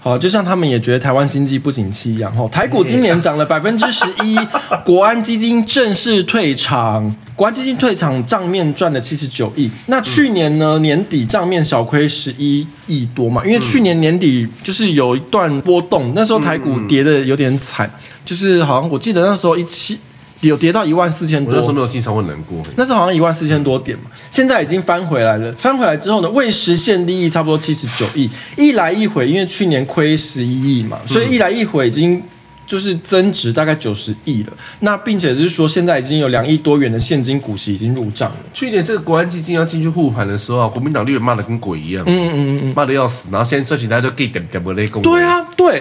好，就像他們也覺得台灣經濟不景氣一樣，台股今年漲了百分之十一，國安基金正式退場，國安基金退場賬面賺了七十九億。那去年呢？年底賬面小虧十一億多嘛，因為去年年底就是有一段波動，那時候台股跌得有點慘，就是好像我記得那時候一七。有跌到一萬四千多，那時候沒有經常會難過，那是好像一萬四千多點嘛、嗯，現在已經翻回來了。翻回來之後呢，未實現利益差不多七十九億，一來一回，因為去年虧十一億嘛，所以一來一回已經就是增值大概九十億了、嗯。那並且就是說，現在已經有兩億多元的現金股息已經入賬了。去年這個國安基金要進去護盤的時候啊，國民黨立委罵的跟鬼一樣，嗯嗯嗯，罵的要死，然後現在賺錢大家都 get g e 不來。對啊，對，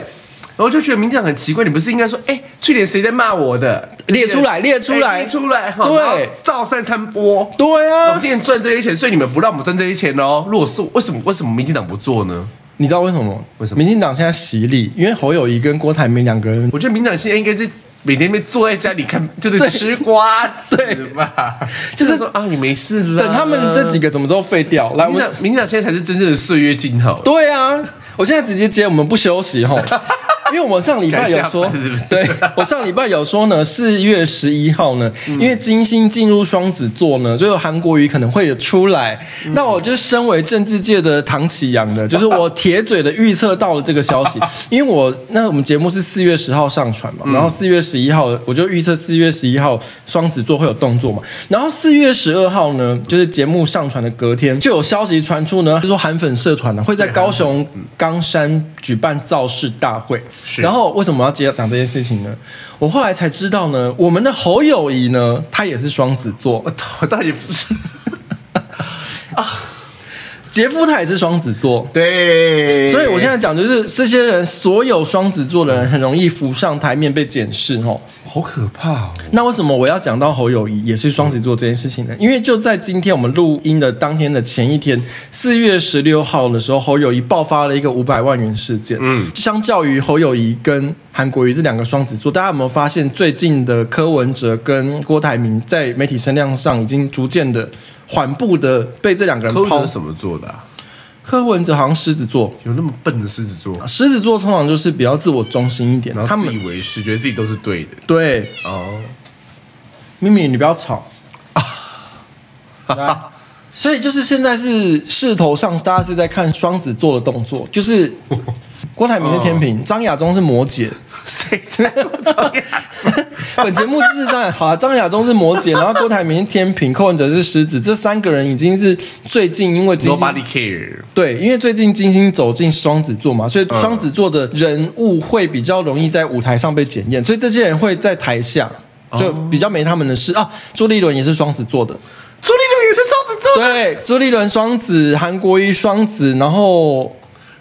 然後就覺得民進黨很奇怪，你不是應該說，哎，去年誰在罵我的？列出來，列出來，出來欸、出來對，照三餐播，對啊，我們今天賺這些錢，所以你們不讓我們賺這些錢哦。如果是我，為什麼？為什麼民進黨不做呢？你知道為什麼？為什麼民進黨現在洗禮？因為侯友宜跟郭台銘兩個人，我覺得民進黨現在應該是每天被坐在家裡看，就是吃瓜吧對吧？就是說啊，你沒事，了等他們這幾個怎麼都廢掉，來我們黨，民進黨現在才是真正的歲月靜好對啊，我現在直接接，我們不休息哈。 因為我上禮拜有說，對，我上禮拜有說呢，四月十一號呢，因為金星進入雙子座呢，所以韓國瑜可能會有出來。那我就身為政治界的唐綺陽的，就是我鐵嘴的預測到了這個消息，因為我那我們節目是四月十號上傳嘛，然後四月十一號我就預測四月十一號雙子座會有動作嘛，然後四月十二號呢，就是節目上傳的隔天就有消息傳出呢，就是說韓粉社團呢會在高雄岡山舉辦造勢大會。然後為什麼我要接講這件事情呢？我後來才知道呢，我們的侯友宜呢，他也是雙子座，我到底不是 啊？杰夫他也是雙子座，對，所以我現在講就是這些人，所有雙子座的人很容易浮上台面被檢視好可怕哦。那為什麼我要講到侯友宜也是雙子座這件事情呢、嗯？因為就在今天我們錄音的當天的前一天，四月十六號的時候，侯友宜爆發了一個五百萬元事件。嗯，就相較於侯友宜跟韓國瑜這兩個雙子座，大家有沒有發現最近的柯文哲跟郭台銘在媒體聲量上已經逐漸的緩步的被這兩個人拋是什麼座的，啊？柯文哲好像獅子座？有那麼笨的獅子座？啊、獅子座通常就是比較自我中心一點，然後自以為是，覺得自己都是對的。對哦，oh. 咪咪你不要吵啊！ Right ? 所以就是現在是勢頭上，大家是在看雙子座的動作，就是郭台銘是天秤，oh. 張亞中是摩羯。誰知道？本節目是這樣。好了、啊，張亞中是摩羯，然後郭台銘是天秤，柯文哲是獅子。這三個人已經是最近因為金星。Nobody care。對，因為最近金星走進雙子座嘛，所以雙子座的人物會比較容易在舞台上被檢驗，所以這些人會在台下就比較沒他們的事啊。朱立倫也是雙子座的，朱立倫也是雙子座的。對，朱立倫雙子，韓國瑜雙子，然後。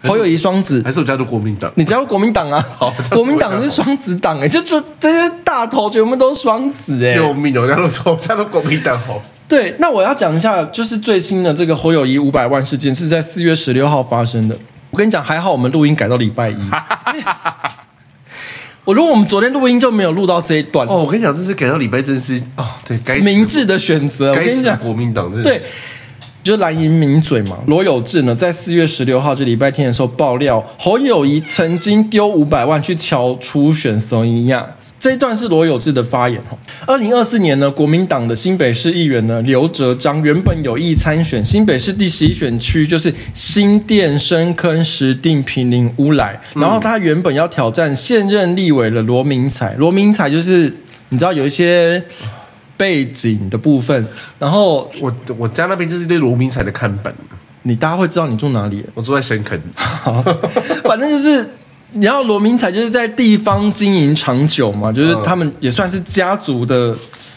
侯友宜雙子，還是我家的國民黨？你家國民黨啊？好，好國民黨是雙子黨哎、欸，就是這些大頭全部都是雙子哎、欸！救命我家都，我，我國民黨哦。對，那我要講一下，就是最新的這個侯友宜五百萬事件，是在四月十六號發生的。我跟你講，還好我們錄音改到禮拜一。 我如果我們昨天錄音就沒有錄到這一段哦。我跟你講，這是改到禮拜，真是啊、哦，對，該死，明智的選擇。我跟你講，的國民黨，對。就藍營名嘴嘛，羅友志呢，在四月十六號，就禮拜天的時候爆料，侯友宜曾經丟五百萬去喬初選，所以一樣。這一段是羅友志的發言。二零二四年呢，國民黨的新北市議員呢，劉哲章原本有意參選新北市第十一選區，就是新店深坑石碇坪林烏來、嗯，然後他原本要挑戰現任立委的羅明才，羅明才就是你知道有一些。背景的部分，然後我我家那邊就是一堆羅明才的看板，你大家會知道你住哪裡？我住在深坑，反正就是，你要羅明才就是在地方經營長久嘛，就是他們也算是家族的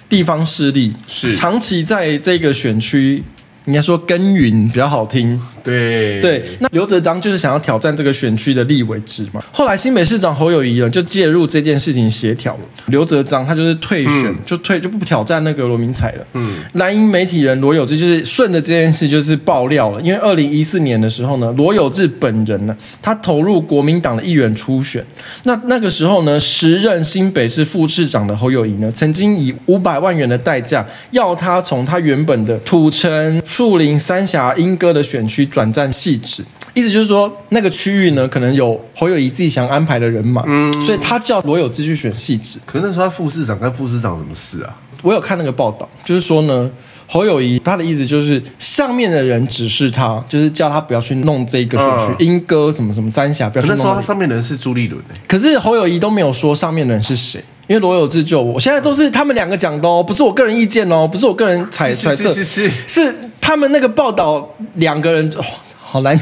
地方勢力，是、哦、長期在這個選區。應該說耕耘比較好聽。對，對對。那劉哲章就是想要挑戰這個選區的立委職嘛。後來新北市長侯友宜呢就介入這件事情協調，劉哲章他就是退選，嗯、就退就不挑戰那個羅明才了。嗯。藍營媒體人羅友志就是順着這件事就是爆料了，因為二零一四年的時候呢，羅友志本人呢他投入國民黨的議員初選，那那個時候呢，時任新北市副市長的侯友宜呢曾經以五百萬元的代價要他從他原本的土城，樹林三峽鶯歌的選區轉戰汐止，意思就是說那個區域呢，可能有侯友宜自己想安排的人馬，嗯，所以他叫羅友志去選汐止。可是那時候他副市長跟副市長什麼事啊？我有看那個報道，就是說呢。侯友宜，他的意思就是上面的人指示他，就是叫他不要去弄這個，去、uh, 鶯歌什麼什麼三峽不要去弄。他上面的人是朱立倫、欸，可是侯友宜都沒有說上面的人是誰，因為羅友志就我現在都是他們兩個講的、哦，不是我個人意見哦，不是我個人猜出來是是，是，是，是，是他們那個報道兩個人、哦、好難，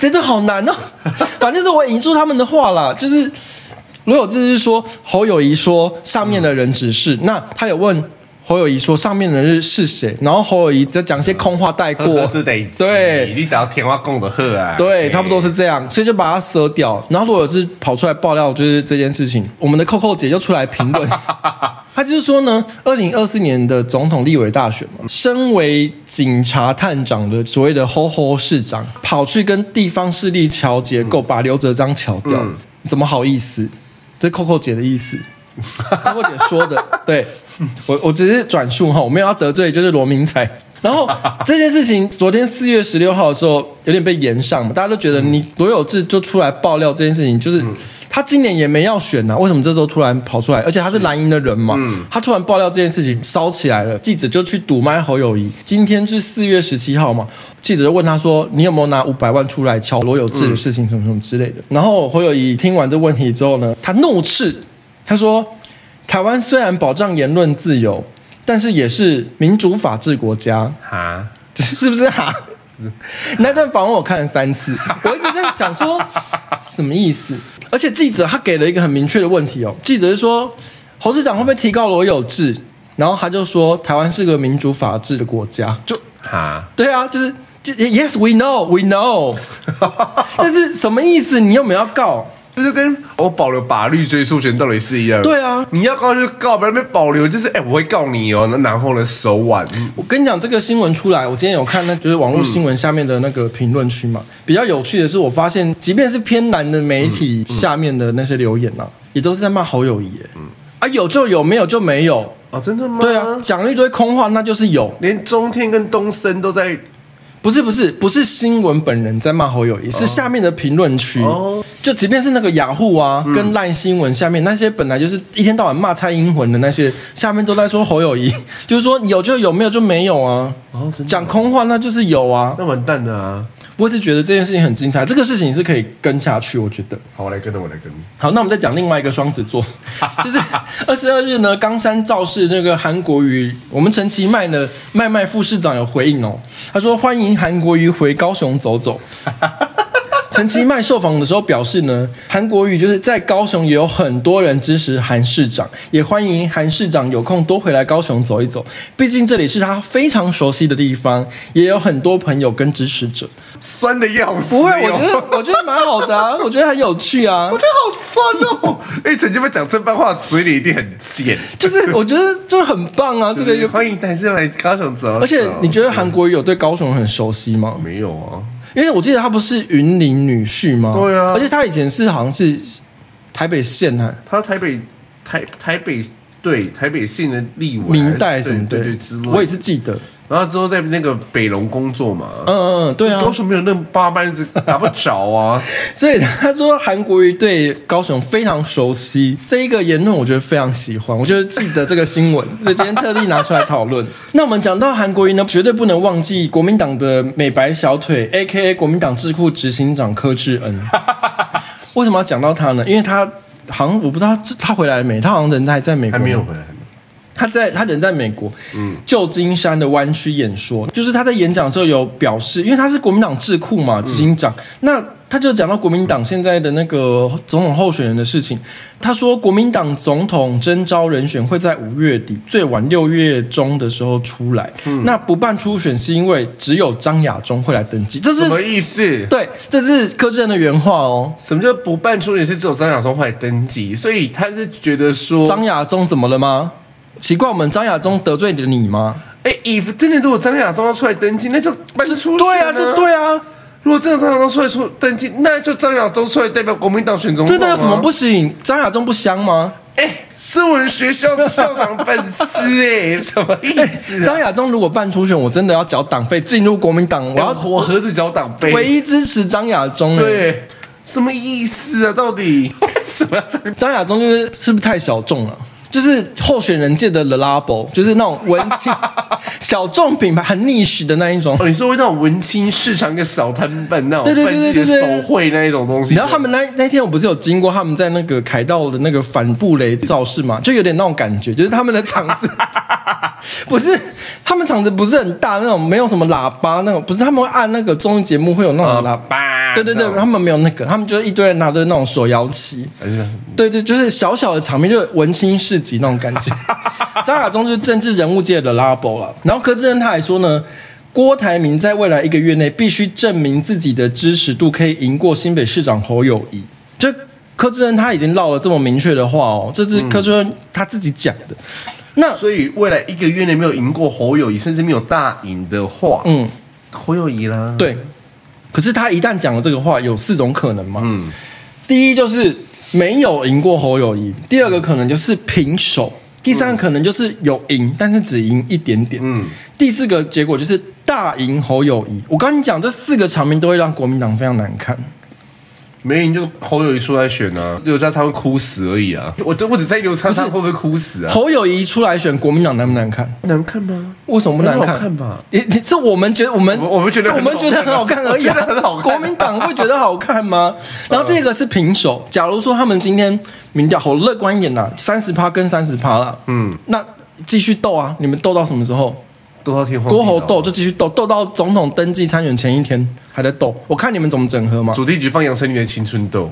真的好難哦。反正是我引出他們的話啦，就是羅友志是說侯友宜說上面的人指示，嗯、那他有問。侯友宜說：“上面的人是誰？”然後侯友宜在講些空話帶過呵呵是得。對，你得到天花供的鶴啊？對、欸，差不多是這樣，所以就把他捨掉。然後如果有一次跑出來爆料，就是這件事情，我們的扣扣姐就出來評論。她 就是說呢，二零二四年的總統立委大選嘛，身為警察探長的所謂的侯侯市長，跑去跟地方勢力喬結構，嗯、把劉哲章喬掉、嗯，怎麼好意思？這扣扣姐的意思，扣 扣姐說的對。我我只是轉述哈、哦，我沒有要得罪，就是羅明才。然後這件事情，昨天四月十六號的時候，有點被炎上嘛，大家都覺得你、嗯、羅友志就出來爆料這件事情，就是、嗯、他今年也沒要選吶、啊，為什麼這時候突然跑出來？而且他是藍營的人嘛，嗯嗯、他突然爆料這件事情，燒起來了。記者就去堵麥侯友宜，今天是四月十七號嘛，記者就問他說：“你有沒有拿五百萬出來敲羅友志的事情、嗯，什麼什麼之類的？”然後侯友宜聽完這問題之後呢，他怒斥，他說。台灣雖然保障言論自由，但是也是民主法治國家哈 是不是啊？那段訪問我看了三次，我一直在想說什麼意思。 而且記者他給了一個很明確的問題哦，記者就是說侯市長會不會提告了我有志，然後他就說台灣是個民主法治的國家，就啊，對啊，就是 Yes we know we know， 但是什麼意思？你有沒有要告？就是跟我保留法律追訴權道理是一樣。對啊，你要告就告，不要被保留。就是哎、欸，我會告你哦。那然後呢，手腕，我跟你講，這個新聞出來，我今天有看，那就是網絡新聞下面的那個評論區嘛、嗯。比較有趣的是，我發現，即便是偏藍的媒體下面的那些留言吶、啊嗯嗯，也都是在罵侯友宜、嗯。啊，有就有，沒有就沒有。啊、哦，真的嗎？對啊，講了一堆空話，那就是有。連中天跟東森都在。不是不是不是，新聞本人在罵侯友宜。哦，是下面的評論區，就即便是那個雅虎啊，跟爛新聞下面、嗯、那些本來就是一天到晚罵蔡英文的那些，下面都在說侯友宜， 就是說有就有，沒有就沒有啊，講、哦啊、空話那就是有啊，那完蛋了。啊。我是覺得這件事情很精彩，這個事情是可以跟下去，我覺得。好，我來跟的，我來跟着。好，那我們再講另外一個雙子座， 就是二十二日呢，岡山造勢那個韓國瑜，我們陳其邁呢，邁邁副市長有回應哦，他說歡迎韓國瑜回高雄走走。 陳其邁受訪的時候表示呢，韓國瑜就是在高雄也有很多人支持韓市長，也歡迎韓市長有空多回來高雄走一走，畢竟這裡是他非常熟悉的地方，也有很多朋友跟支持者。酸的樣、哦、不會，我覺得我覺得蠻好的啊， 我覺得很有趣啊，我覺得好酸哦。哎、欸，陳其邁講這番話，嘴裡一定很賤。就是我覺得就是很棒啊，就是、這個歡迎台資來高雄走。而且你覺得韓國瑜有對高雄很熟悉嗎？沒有啊。因為我記得他不是雲林女婿嗎？對啊，而且他以前是好像是台北縣啊，他台北台台北對台北縣的立委，明代什麼的對，對,對之類的，我也是記得。然後之後在那個北農工作嘛，嗯嗯，對啊，高雄沒有那麼八竿子打不着啊， 所以他說韓國瑜對高雄非常熟悉，這一個言論我覺得非常喜歡，我就是記得這個新聞， 所以今天特地拿出來討論。 那我們講到韓國瑜呢，絕對不能忘記國民黨的美白小腿，A K A 國民黨智庫執行長柯志恩。 為什麼要講到他呢？因為他好像我不知道他他回來了沒，他好像人還在美國，還沒有回來。他在他人在美國，嗯、舊金山的灣區演說，就是他在演講的時候有表示，因為他是國民黨智庫嘛，執行長、嗯，那他就講到國民黨現在的那個總統候選人的事情。他說，國民黨總統徵召人選會在五月底最晚六月中的時候出來、嗯。那不辦初選是因為只有張亞中會來登記，這是什麼意思？對，這是柯志恩的原話哦。什麼叫不辦初選是只有張亞中會來登記？所以他是覺得說，張亞中怎麼了嗎？奇怪，我們張亞中得罪了你嗎？哎、欸、，if 真的如果張亞中要出來登記，那就辦初選、啊。對啊，就對啊。如果真的張亞中出來出登記，那就張亞中出來代表國民黨選總統。統、啊。對那有什麼不行？張亞中不香嗎？哎、欸，是我們學校的校長粉絲哎， 什麼意思、啊？張、欸、亞中如果辦初選，我真的要繳黨費進入國民黨、欸，我要火盒子繳黨費。唯一支持張亞中、欸。對，什麼意思啊？到底為什麼張亞中？就是是不是太小眾了、啊？就是候選人界的 Le Labo 就是那種文青 小眾品牌很逆市的那一種。哦，你說會那種文青市場一個小攤販那種，對對對對對，對手繪那一種東西。然後他們那那天我不是有經過他們在那個凱道的那個反布雷造勢嘛，就有點那種感覺，就是他們的場子 不是，他們場子不是很大那種，沒有什麼喇叭那種，不是他們會按那個綜藝節目會有那種喇叭。嗯對對對，他們沒有那個，他們就是一堆人拿着那種手搖旗，對對，就是小小的場面，就文青市集那種感覺。張 亞中就是政治人物界的拉包了。然後柯志恩他還說呢，郭台銘在未來一個月內必須證明自己的知識度可以贏過新北市長侯友宜。就柯志恩他已經嘮了這麼明確的話哦，這是柯志恩他自己講的。嗯、那所以未來一個月內沒有贏過侯友宜，甚至沒有大贏的話，嗯，侯友宜啦。對。可是他一旦講了這個話，有四種可能嘛？嗯，第一就是沒有贏過侯友宜，第二個可能就是平手，嗯、第三個可能就是有贏，但是只贏一點點，嗯，第四個結果就是大贏侯友宜。我跟你講，這四個場面都會讓國民黨非常難看。沒贏就侯友宜出來選啊，劉家昌會哭死而已啊！我就我只在劉家昌會不會哭死啊？侯友宜出來選，國民黨難不難看？難看嗎？為什麼不難看？好看吧？你、欸、你是我們覺得我們我們，我們覺得我們覺得很好看、啊、很好看而已、啊看啊，國民黨會覺得好看嗎？然後第二個是平手，假如說他們今天民調好樂觀一點吶、啊，三十趴跟三十趴啦，嗯，那繼續鬥啊！你們鬥到什麼時候？多天荒郭侯鬥就繼續鬥，鬥到總統登記參選前一天還在鬥。我看你們怎麼整合嘛？主題曲放楊丞琳的《青春鬥》。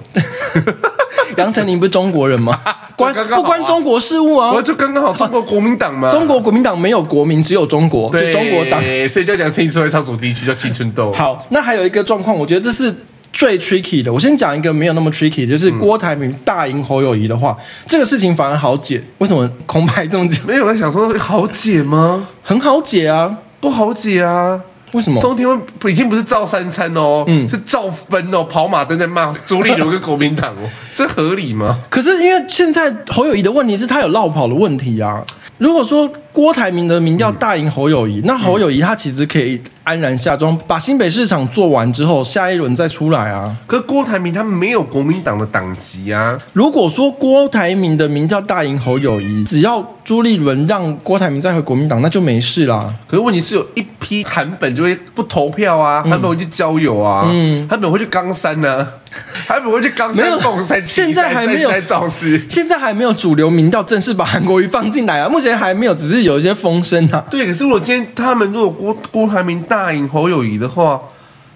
楊丞琳不是中國人嗎？啊剛剛啊、關不關中國事務啊？我就剛剛好中國國民黨嘛、啊。中國國民黨沒有國民，只有中國，對中國黨。所以叫楊丞琳出來唱主題曲叫《青春鬥》。好，那還有一個狀況，我覺得這是。最 tricky 的，我先講一個沒有那麼 tricky 的，就是郭台銘大贏侯友宜的話，嗯、這個事情反而好解。為什麼空白這麼久？沒有人想說好解嗎？很好解啊，不好解啊？為什麼？中天溫已經不是照三餐哦，嗯，是照分哦，跑馬燈在罵朱立倫跟國民黨哦，這 合理嗎？可是因為現在侯友宜的問題是他有落跑的問題啊。如果說郭台銘的民調大贏侯友宜，嗯、那侯友宜他其實可以。安然下莊，把新北市場做完之後，下一輪再出來啊。可是郭台銘他沒有國民黨的黨籍啊。如果說郭台銘的民調大贏侯友宜，只要朱立倫讓郭台銘再回國民黨，那就沒事啦。可是問題是有一批韓本就會不投票啊，韓本會去郊遊啊，嗯，韓本會去岡山呢、啊，韓本會去岡山、啊、 山、鳳 山、旗山、三 芝現在還沒有，現在還沒有主流民調正式把韓國瑜放進來啊。目前還沒有，只是有一些風聲啊。對，可是如果今天他們如果郭郭台銘，大贏侯友宜的話，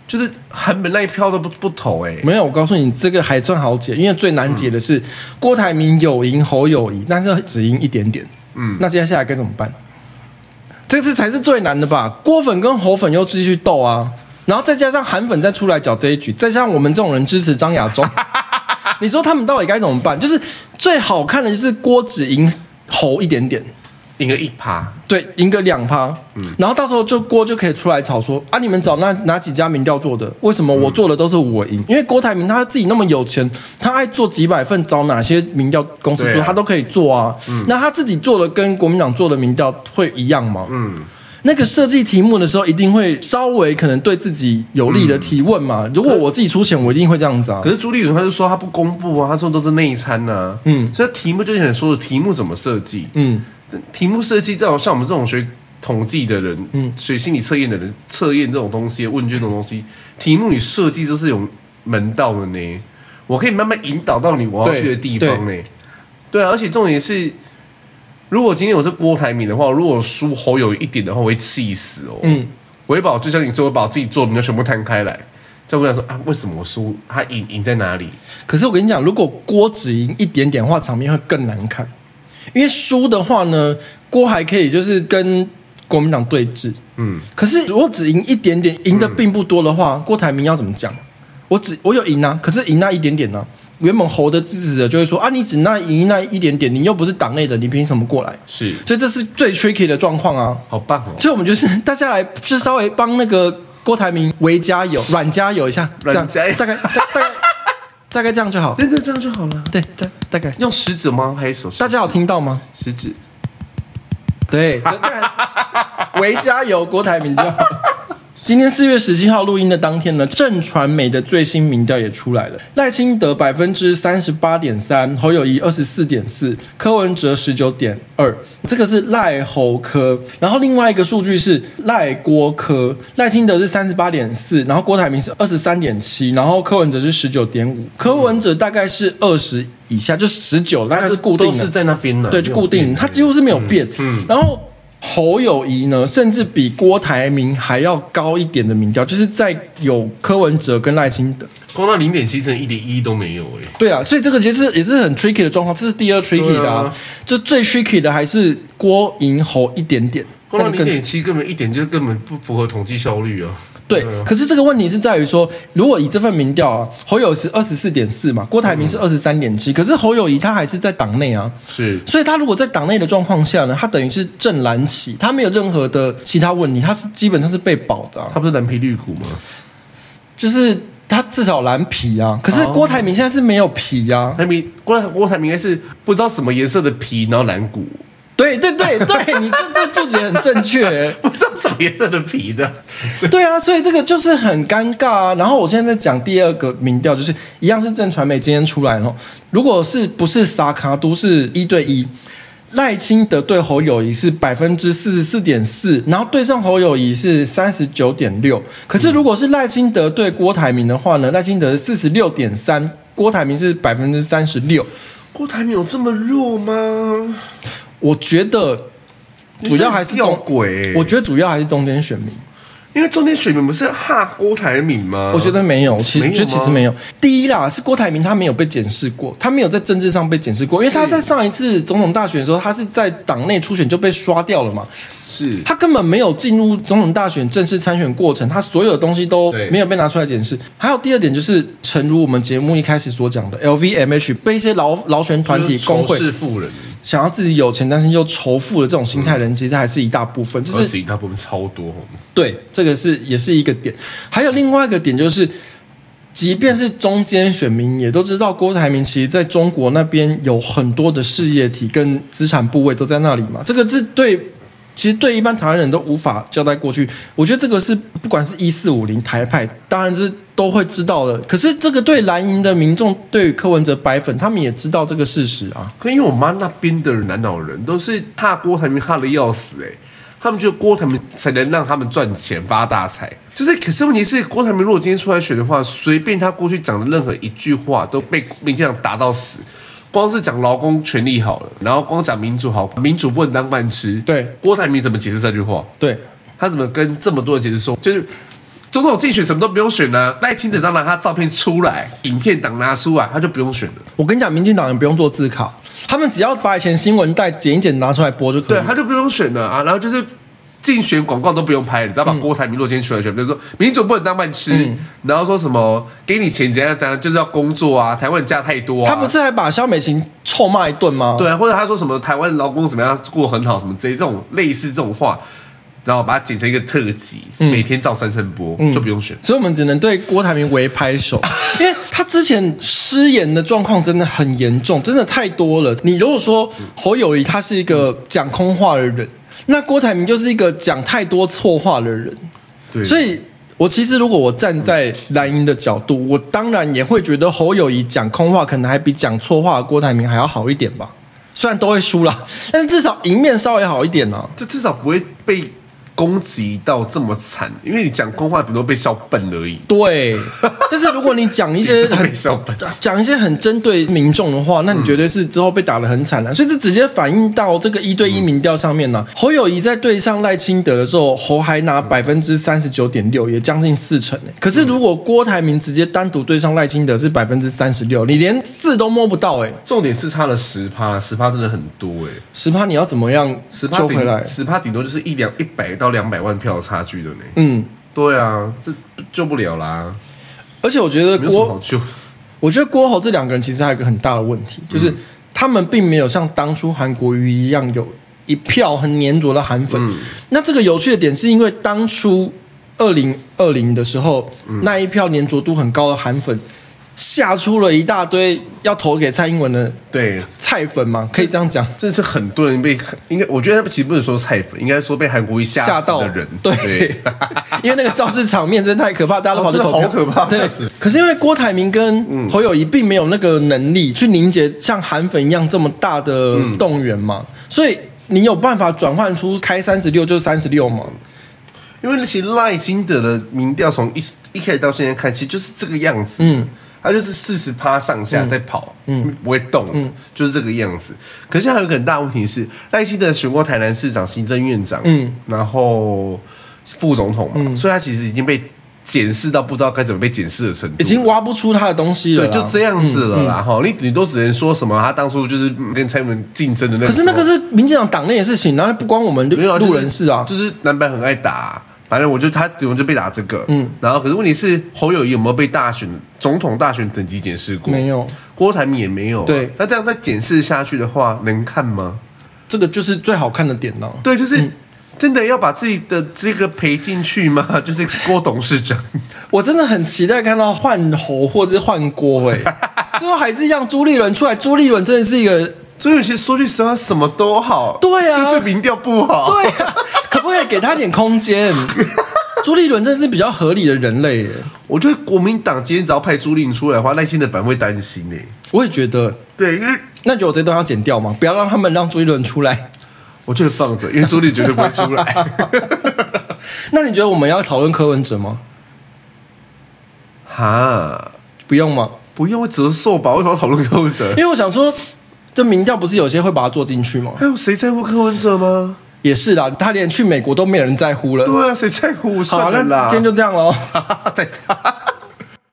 就是韓粉那一票都不不投哎、欸。沒有，我告訴你，這個還算好解，因為最難解的是、嗯、郭台銘有贏侯友宜，但是只贏一點點。嗯，那接下來該怎麼辦？這次才是最難的吧？郭粉跟侯粉又繼續鬥啊，然後再加上韓粉再出來攪這一局，再加上我們這種人支持張亞中， 你說他們到底該怎麼辦？就是最好看的就是郭只贏侯一點點。贏個一趴，對，贏個兩趴，嗯，然後到時候就郭就可以出來吵說啊，你們找那哪幾家民調做的？為什麼我做的都是我贏、嗯？因為郭台銘他自己那麼有錢，他愛做幾百份，找哪些民調公司做、啊、他都可以做啊、嗯。那他自己做的跟國民黨做的民調會一樣嗎？嗯，那個設計題目的時候，一定會稍微可能對自己有利的提問嘛。如果我自己出錢，我一定會這樣子啊。可，可是朱立倫他就說他不公布啊，他說都是內參啊。嗯，所以他題目就像你說的，題目怎麼設計？嗯。題目設計，像像我們這種學統計的人，嗯，學心理測驗的人，測驗這種東西，問卷這種東西，題目你設計都是有門道的呢。我可以慢慢引導到你我要去的地方呢。對，對，對，啊，而且重點是，如果今天我是郭台銘的話，如果輸侯有一點的話，我會氣死哦。嗯，我會把就像你說我把自己做，名字全部攤開來，再跟他說啊，為什麼我輸？他贏贏在哪裡？可是我跟你講，如果郭只贏一點點的話，場面會更難看。因為輸的話呢，郭還可以，就是跟國民黨對峙，嗯，可是如果只贏一點點，贏的並不多的話，嗯，郭台銘要怎麼講？我只我有贏啊，可是贏那一點點呢、啊？原本侯的支持者就會說啊，你只那贏那一點點，你又不是黨內的，你憑什麼過來？是，所以這是最 tricky 的狀況啊，好棒哦！所以我們就是大家來，就稍微幫那個郭台銘維加油，阮加油一下，這樣軟加油大概大、大概 大概這樣就好， 對對，這樣就好了，對，這大概用食指嗎？還是手？大家有聽到嗎？食指，對，維嘉有郭台銘就好。 今天四月十七號錄音的當天呢，正傳媒的最新民調也出來了。賴清德百分之三十八點三，侯友宜二十四點四，柯文哲十九點二，這個是賴侯科，然後另外一個數據是賴郭科。賴清德是三十八點四，然後郭台銘是二十三點七，然後柯文哲是十九點五，柯文哲大概是二十以下，就十九，那是固定，都是在那邊的，對，就固定，它幾乎是沒有變。嗯，嗯然後。侯友誼呢，甚至比郭台銘還要高一點的民調，就是在有柯文哲跟賴清德，高到零點七甚至一點一都沒有哎、欸。對啊，所以這個其、就、實、是、也是很 tricky 的狀況，這是第二 tricky 的，啊啊，就最 tricky 的還是郭銀侯一點點，高到零點七根本一點，就根本不符合統計效率啊。對，可是這個問題是在於說，如果以這份民調啊，侯友宜是二十四點四嘛，郭台銘是二十三點七，可是侯友宜他還是在黨內啊，是，所以他如果在黨內的狀況下呢，他等於是正藍旗，他沒有任何的其他問題，他是基本上是被保的，啊，他不是藍皮綠骨嗎？就是他至少藍皮啊，可是郭台銘現在是沒有皮啊，哦、台銘，郭郭台銘應該是不知道什麼顏色的皮，然後藍骨。對對對對， 你這這就覺得很正確，不知道什麼顏色的皮的。對啊，所以這個就是很尷尬啊。然後我現在在講第二個民調，就是一樣是正傳媒今天出來的。如果是不是撒卡都是一對一，賴清德對侯友宜是百分之四十四點四，然後對上侯友宜是三十九點六。可是如果是賴清德對郭台銘的話呢，賴清德是四十六點三，郭台銘是百分之三十六。郭台銘有這麼弱嗎？我覺得主要還是中，我覺得主要還是中間選民，因為中間選民不是哈郭台銘嗎？我覺得沒有，其實其實沒有。第一啦，是郭台銘他沒有被檢視過，他沒有在政治上被檢視過，因為他在上一次總統大選的時候，他是在黨內初選就被刷掉了嘛，是他根本沒有進入總統大選正式參選過程，他所有的東西都沒有被拿出來檢視。還有第二點就是，誠如我們節目一開始所講的 LVMH，被一些勞勞選團體公會想要自己有錢，但是又仇富的這種心態的人，其實還是一大部分，這是一大部分超多。對，這個是也是一個點。還有另外一個點就是，即便是中間選民也都知道郭台銘其實在中國那邊有很多的事業體跟資產部位都在那裡嘛，這個是對。其實對一般台灣人都無法交代過去，我覺得這個是不管是一四五零台派，當然是都會知道的。可是這個對藍營的民眾，對於柯文哲白粉，他們也知道這個事實啊。可因為我媽那邊的南島人，男老人都是怕郭台銘怕得要死哎、欸，他們覺得郭台銘才能讓他們賺錢發大財，就是。可是問題是郭台銘如果今天出來選的話，隨便他過去講的任何一句話都被民進黨打到死。光是講勞工權利好了，然後光講民主好，民主不能當飯吃。對，郭台銘怎麼解釋這句話？對，他怎麼跟這麼多人解釋說，就是總統競選什麼都不用選呢、啊？賴清德當拿他照片出來，影片檔拿出來，他就不用選了。我跟你講，民進黨人不用做自考，他們只要把以前新聞帶剪一剪拿出來播就可以了。對，他就不用選了啊，然後就是，競選廣告都不用拍了，你只要把郭台銘落肩出來選，嗯，比如說民主不能當飯吃，嗯，然後說什麼給你錢怎樣怎樣，就是要工作啊，台灣人價太多啊。他不是還把蕭美琴臭罵一頓嗎？對，啊，或者他說什麼台灣勞工怎麼樣過很好，什麼之類、這種類似這種話，然後把它剪成一個特輯，每天照三聲播，嗯，就不用選，所以我們只能對郭台銘為拍手，因為他之前失言的狀況真的很嚴重，真的太多了。你如果說侯友宜，他是一個講空話的人。那郭台銘就是一個講太多錯話的人，對，所以我其實，如果我站在藍營的角度，我當然也會覺得侯友宜講空話可能還比講錯話的郭台銘還要好一點吧，雖然都會輸啦，但是至少贏面稍微好一點呢、啊，就至少不會被。攻擊到這麼慘，因為你講空話，頂多被笑笨而已。對，但是如果你講一些很講、 啊、一些很針對民眾的話，那你絕對是之後被打得很慘了、啊嗯。所以這直接反映到這個一對一民調上面呢、啊。侯友宜在對上賴清德的時候，侯還拿百分之三十九點六，也將近四成呢、欸。可是如果郭台銘直接單獨對上賴清德是百分之三十六，你連四都摸不到哎、欸。重點是差了十趴，十趴真的很多哎、欸。十趴你要怎麼樣救回來？十趴頂多就是一兩一百到。到兩百萬票的差距的呢？嗯，對啊，這救不了啦。而且我覺得郭，我覺得郭侯這兩個人其實還有一個很大的問題，嗯，就是他們並沒有像當初韓國瑜一樣有一票很粘着的韓粉，嗯。那這個有趣的點是因為當初二零二零的時候，嗯，那一票粘着度很高的韓粉。嚇出了一大堆要投給蔡英文的對蔡粉嘛，可以這樣講，這是很多人被應該，我覺得他其實不能說蔡粉，應該說被韓國瑜嚇到的人。對，對 因為那個造勢場面真的太可怕，大家都跑去投票，哦、好可怕，真的是。可是因為郭台銘跟侯友宜並沒有那個能力去凝結像韓粉一樣這麼大的動員嘛，嗯、所以你有辦法轉換出開三十六就是三十六嘛。因為那些賴清德的民調從一一開始到現在看，其實就是這個樣子，嗯。他就是四十趴上下在跑。嗯，嗯，不會動，嗯，就是這個樣子。可是還有一個很大問題是賴清德選過台南市長、行政院長，嗯，然後副總統嘛，嗯、所以他其實已經被檢視到不知道該怎麼被檢視的程度，已經挖不出他的東西了，對，就這樣子了啦。然、嗯、後、嗯、你你都只能說什麼？他當初就是跟蔡英文競爭的那個，可是那個是民進黨黨內的事情，然後不關我們路人事啊、就是，就是藍白很愛打、啊。反正我就他，我就被打這個，嗯，然後可是問題是侯友宜有沒有被大選總統大選等級檢視過？沒有，郭台銘也沒有、啊。對，那這樣再檢視下去的話，能看嗎？這個就是最好看的點呢。對，就是、嗯、真的要把自己的這個賠進去嗎？就是郭董事長，我真的很期待看到換侯或者是換郭、欸。哎， 最後還是讓朱立倫出來。朱立倫真的是一個。朱立倫其實說句實話，什麼都好，對啊，就是民調不好，對啊，可不可以給他一點空間？ 朱立倫真是比較合理的人類耶，我覺得國民黨今天只要派朱立倫出來的話，耐心的本會擔心的。我也覺得，對，因為那你覺得我這段要剪掉嗎？不要讓他們讓朱立倫出來，我就放着，因為朱立倫絕對不會出來。 那你覺得我們要討論柯文哲嗎？哈，不用嗎？不用折壽吧？為什麼要討論柯文哲？因為我想說。這民調不是有些會把它做進去嗎？還有誰在乎柯文哲嗎？也是啦，他連去美國都沒人在乎了。對啊，誰在乎？好了啦，啊、今天就這樣嘍。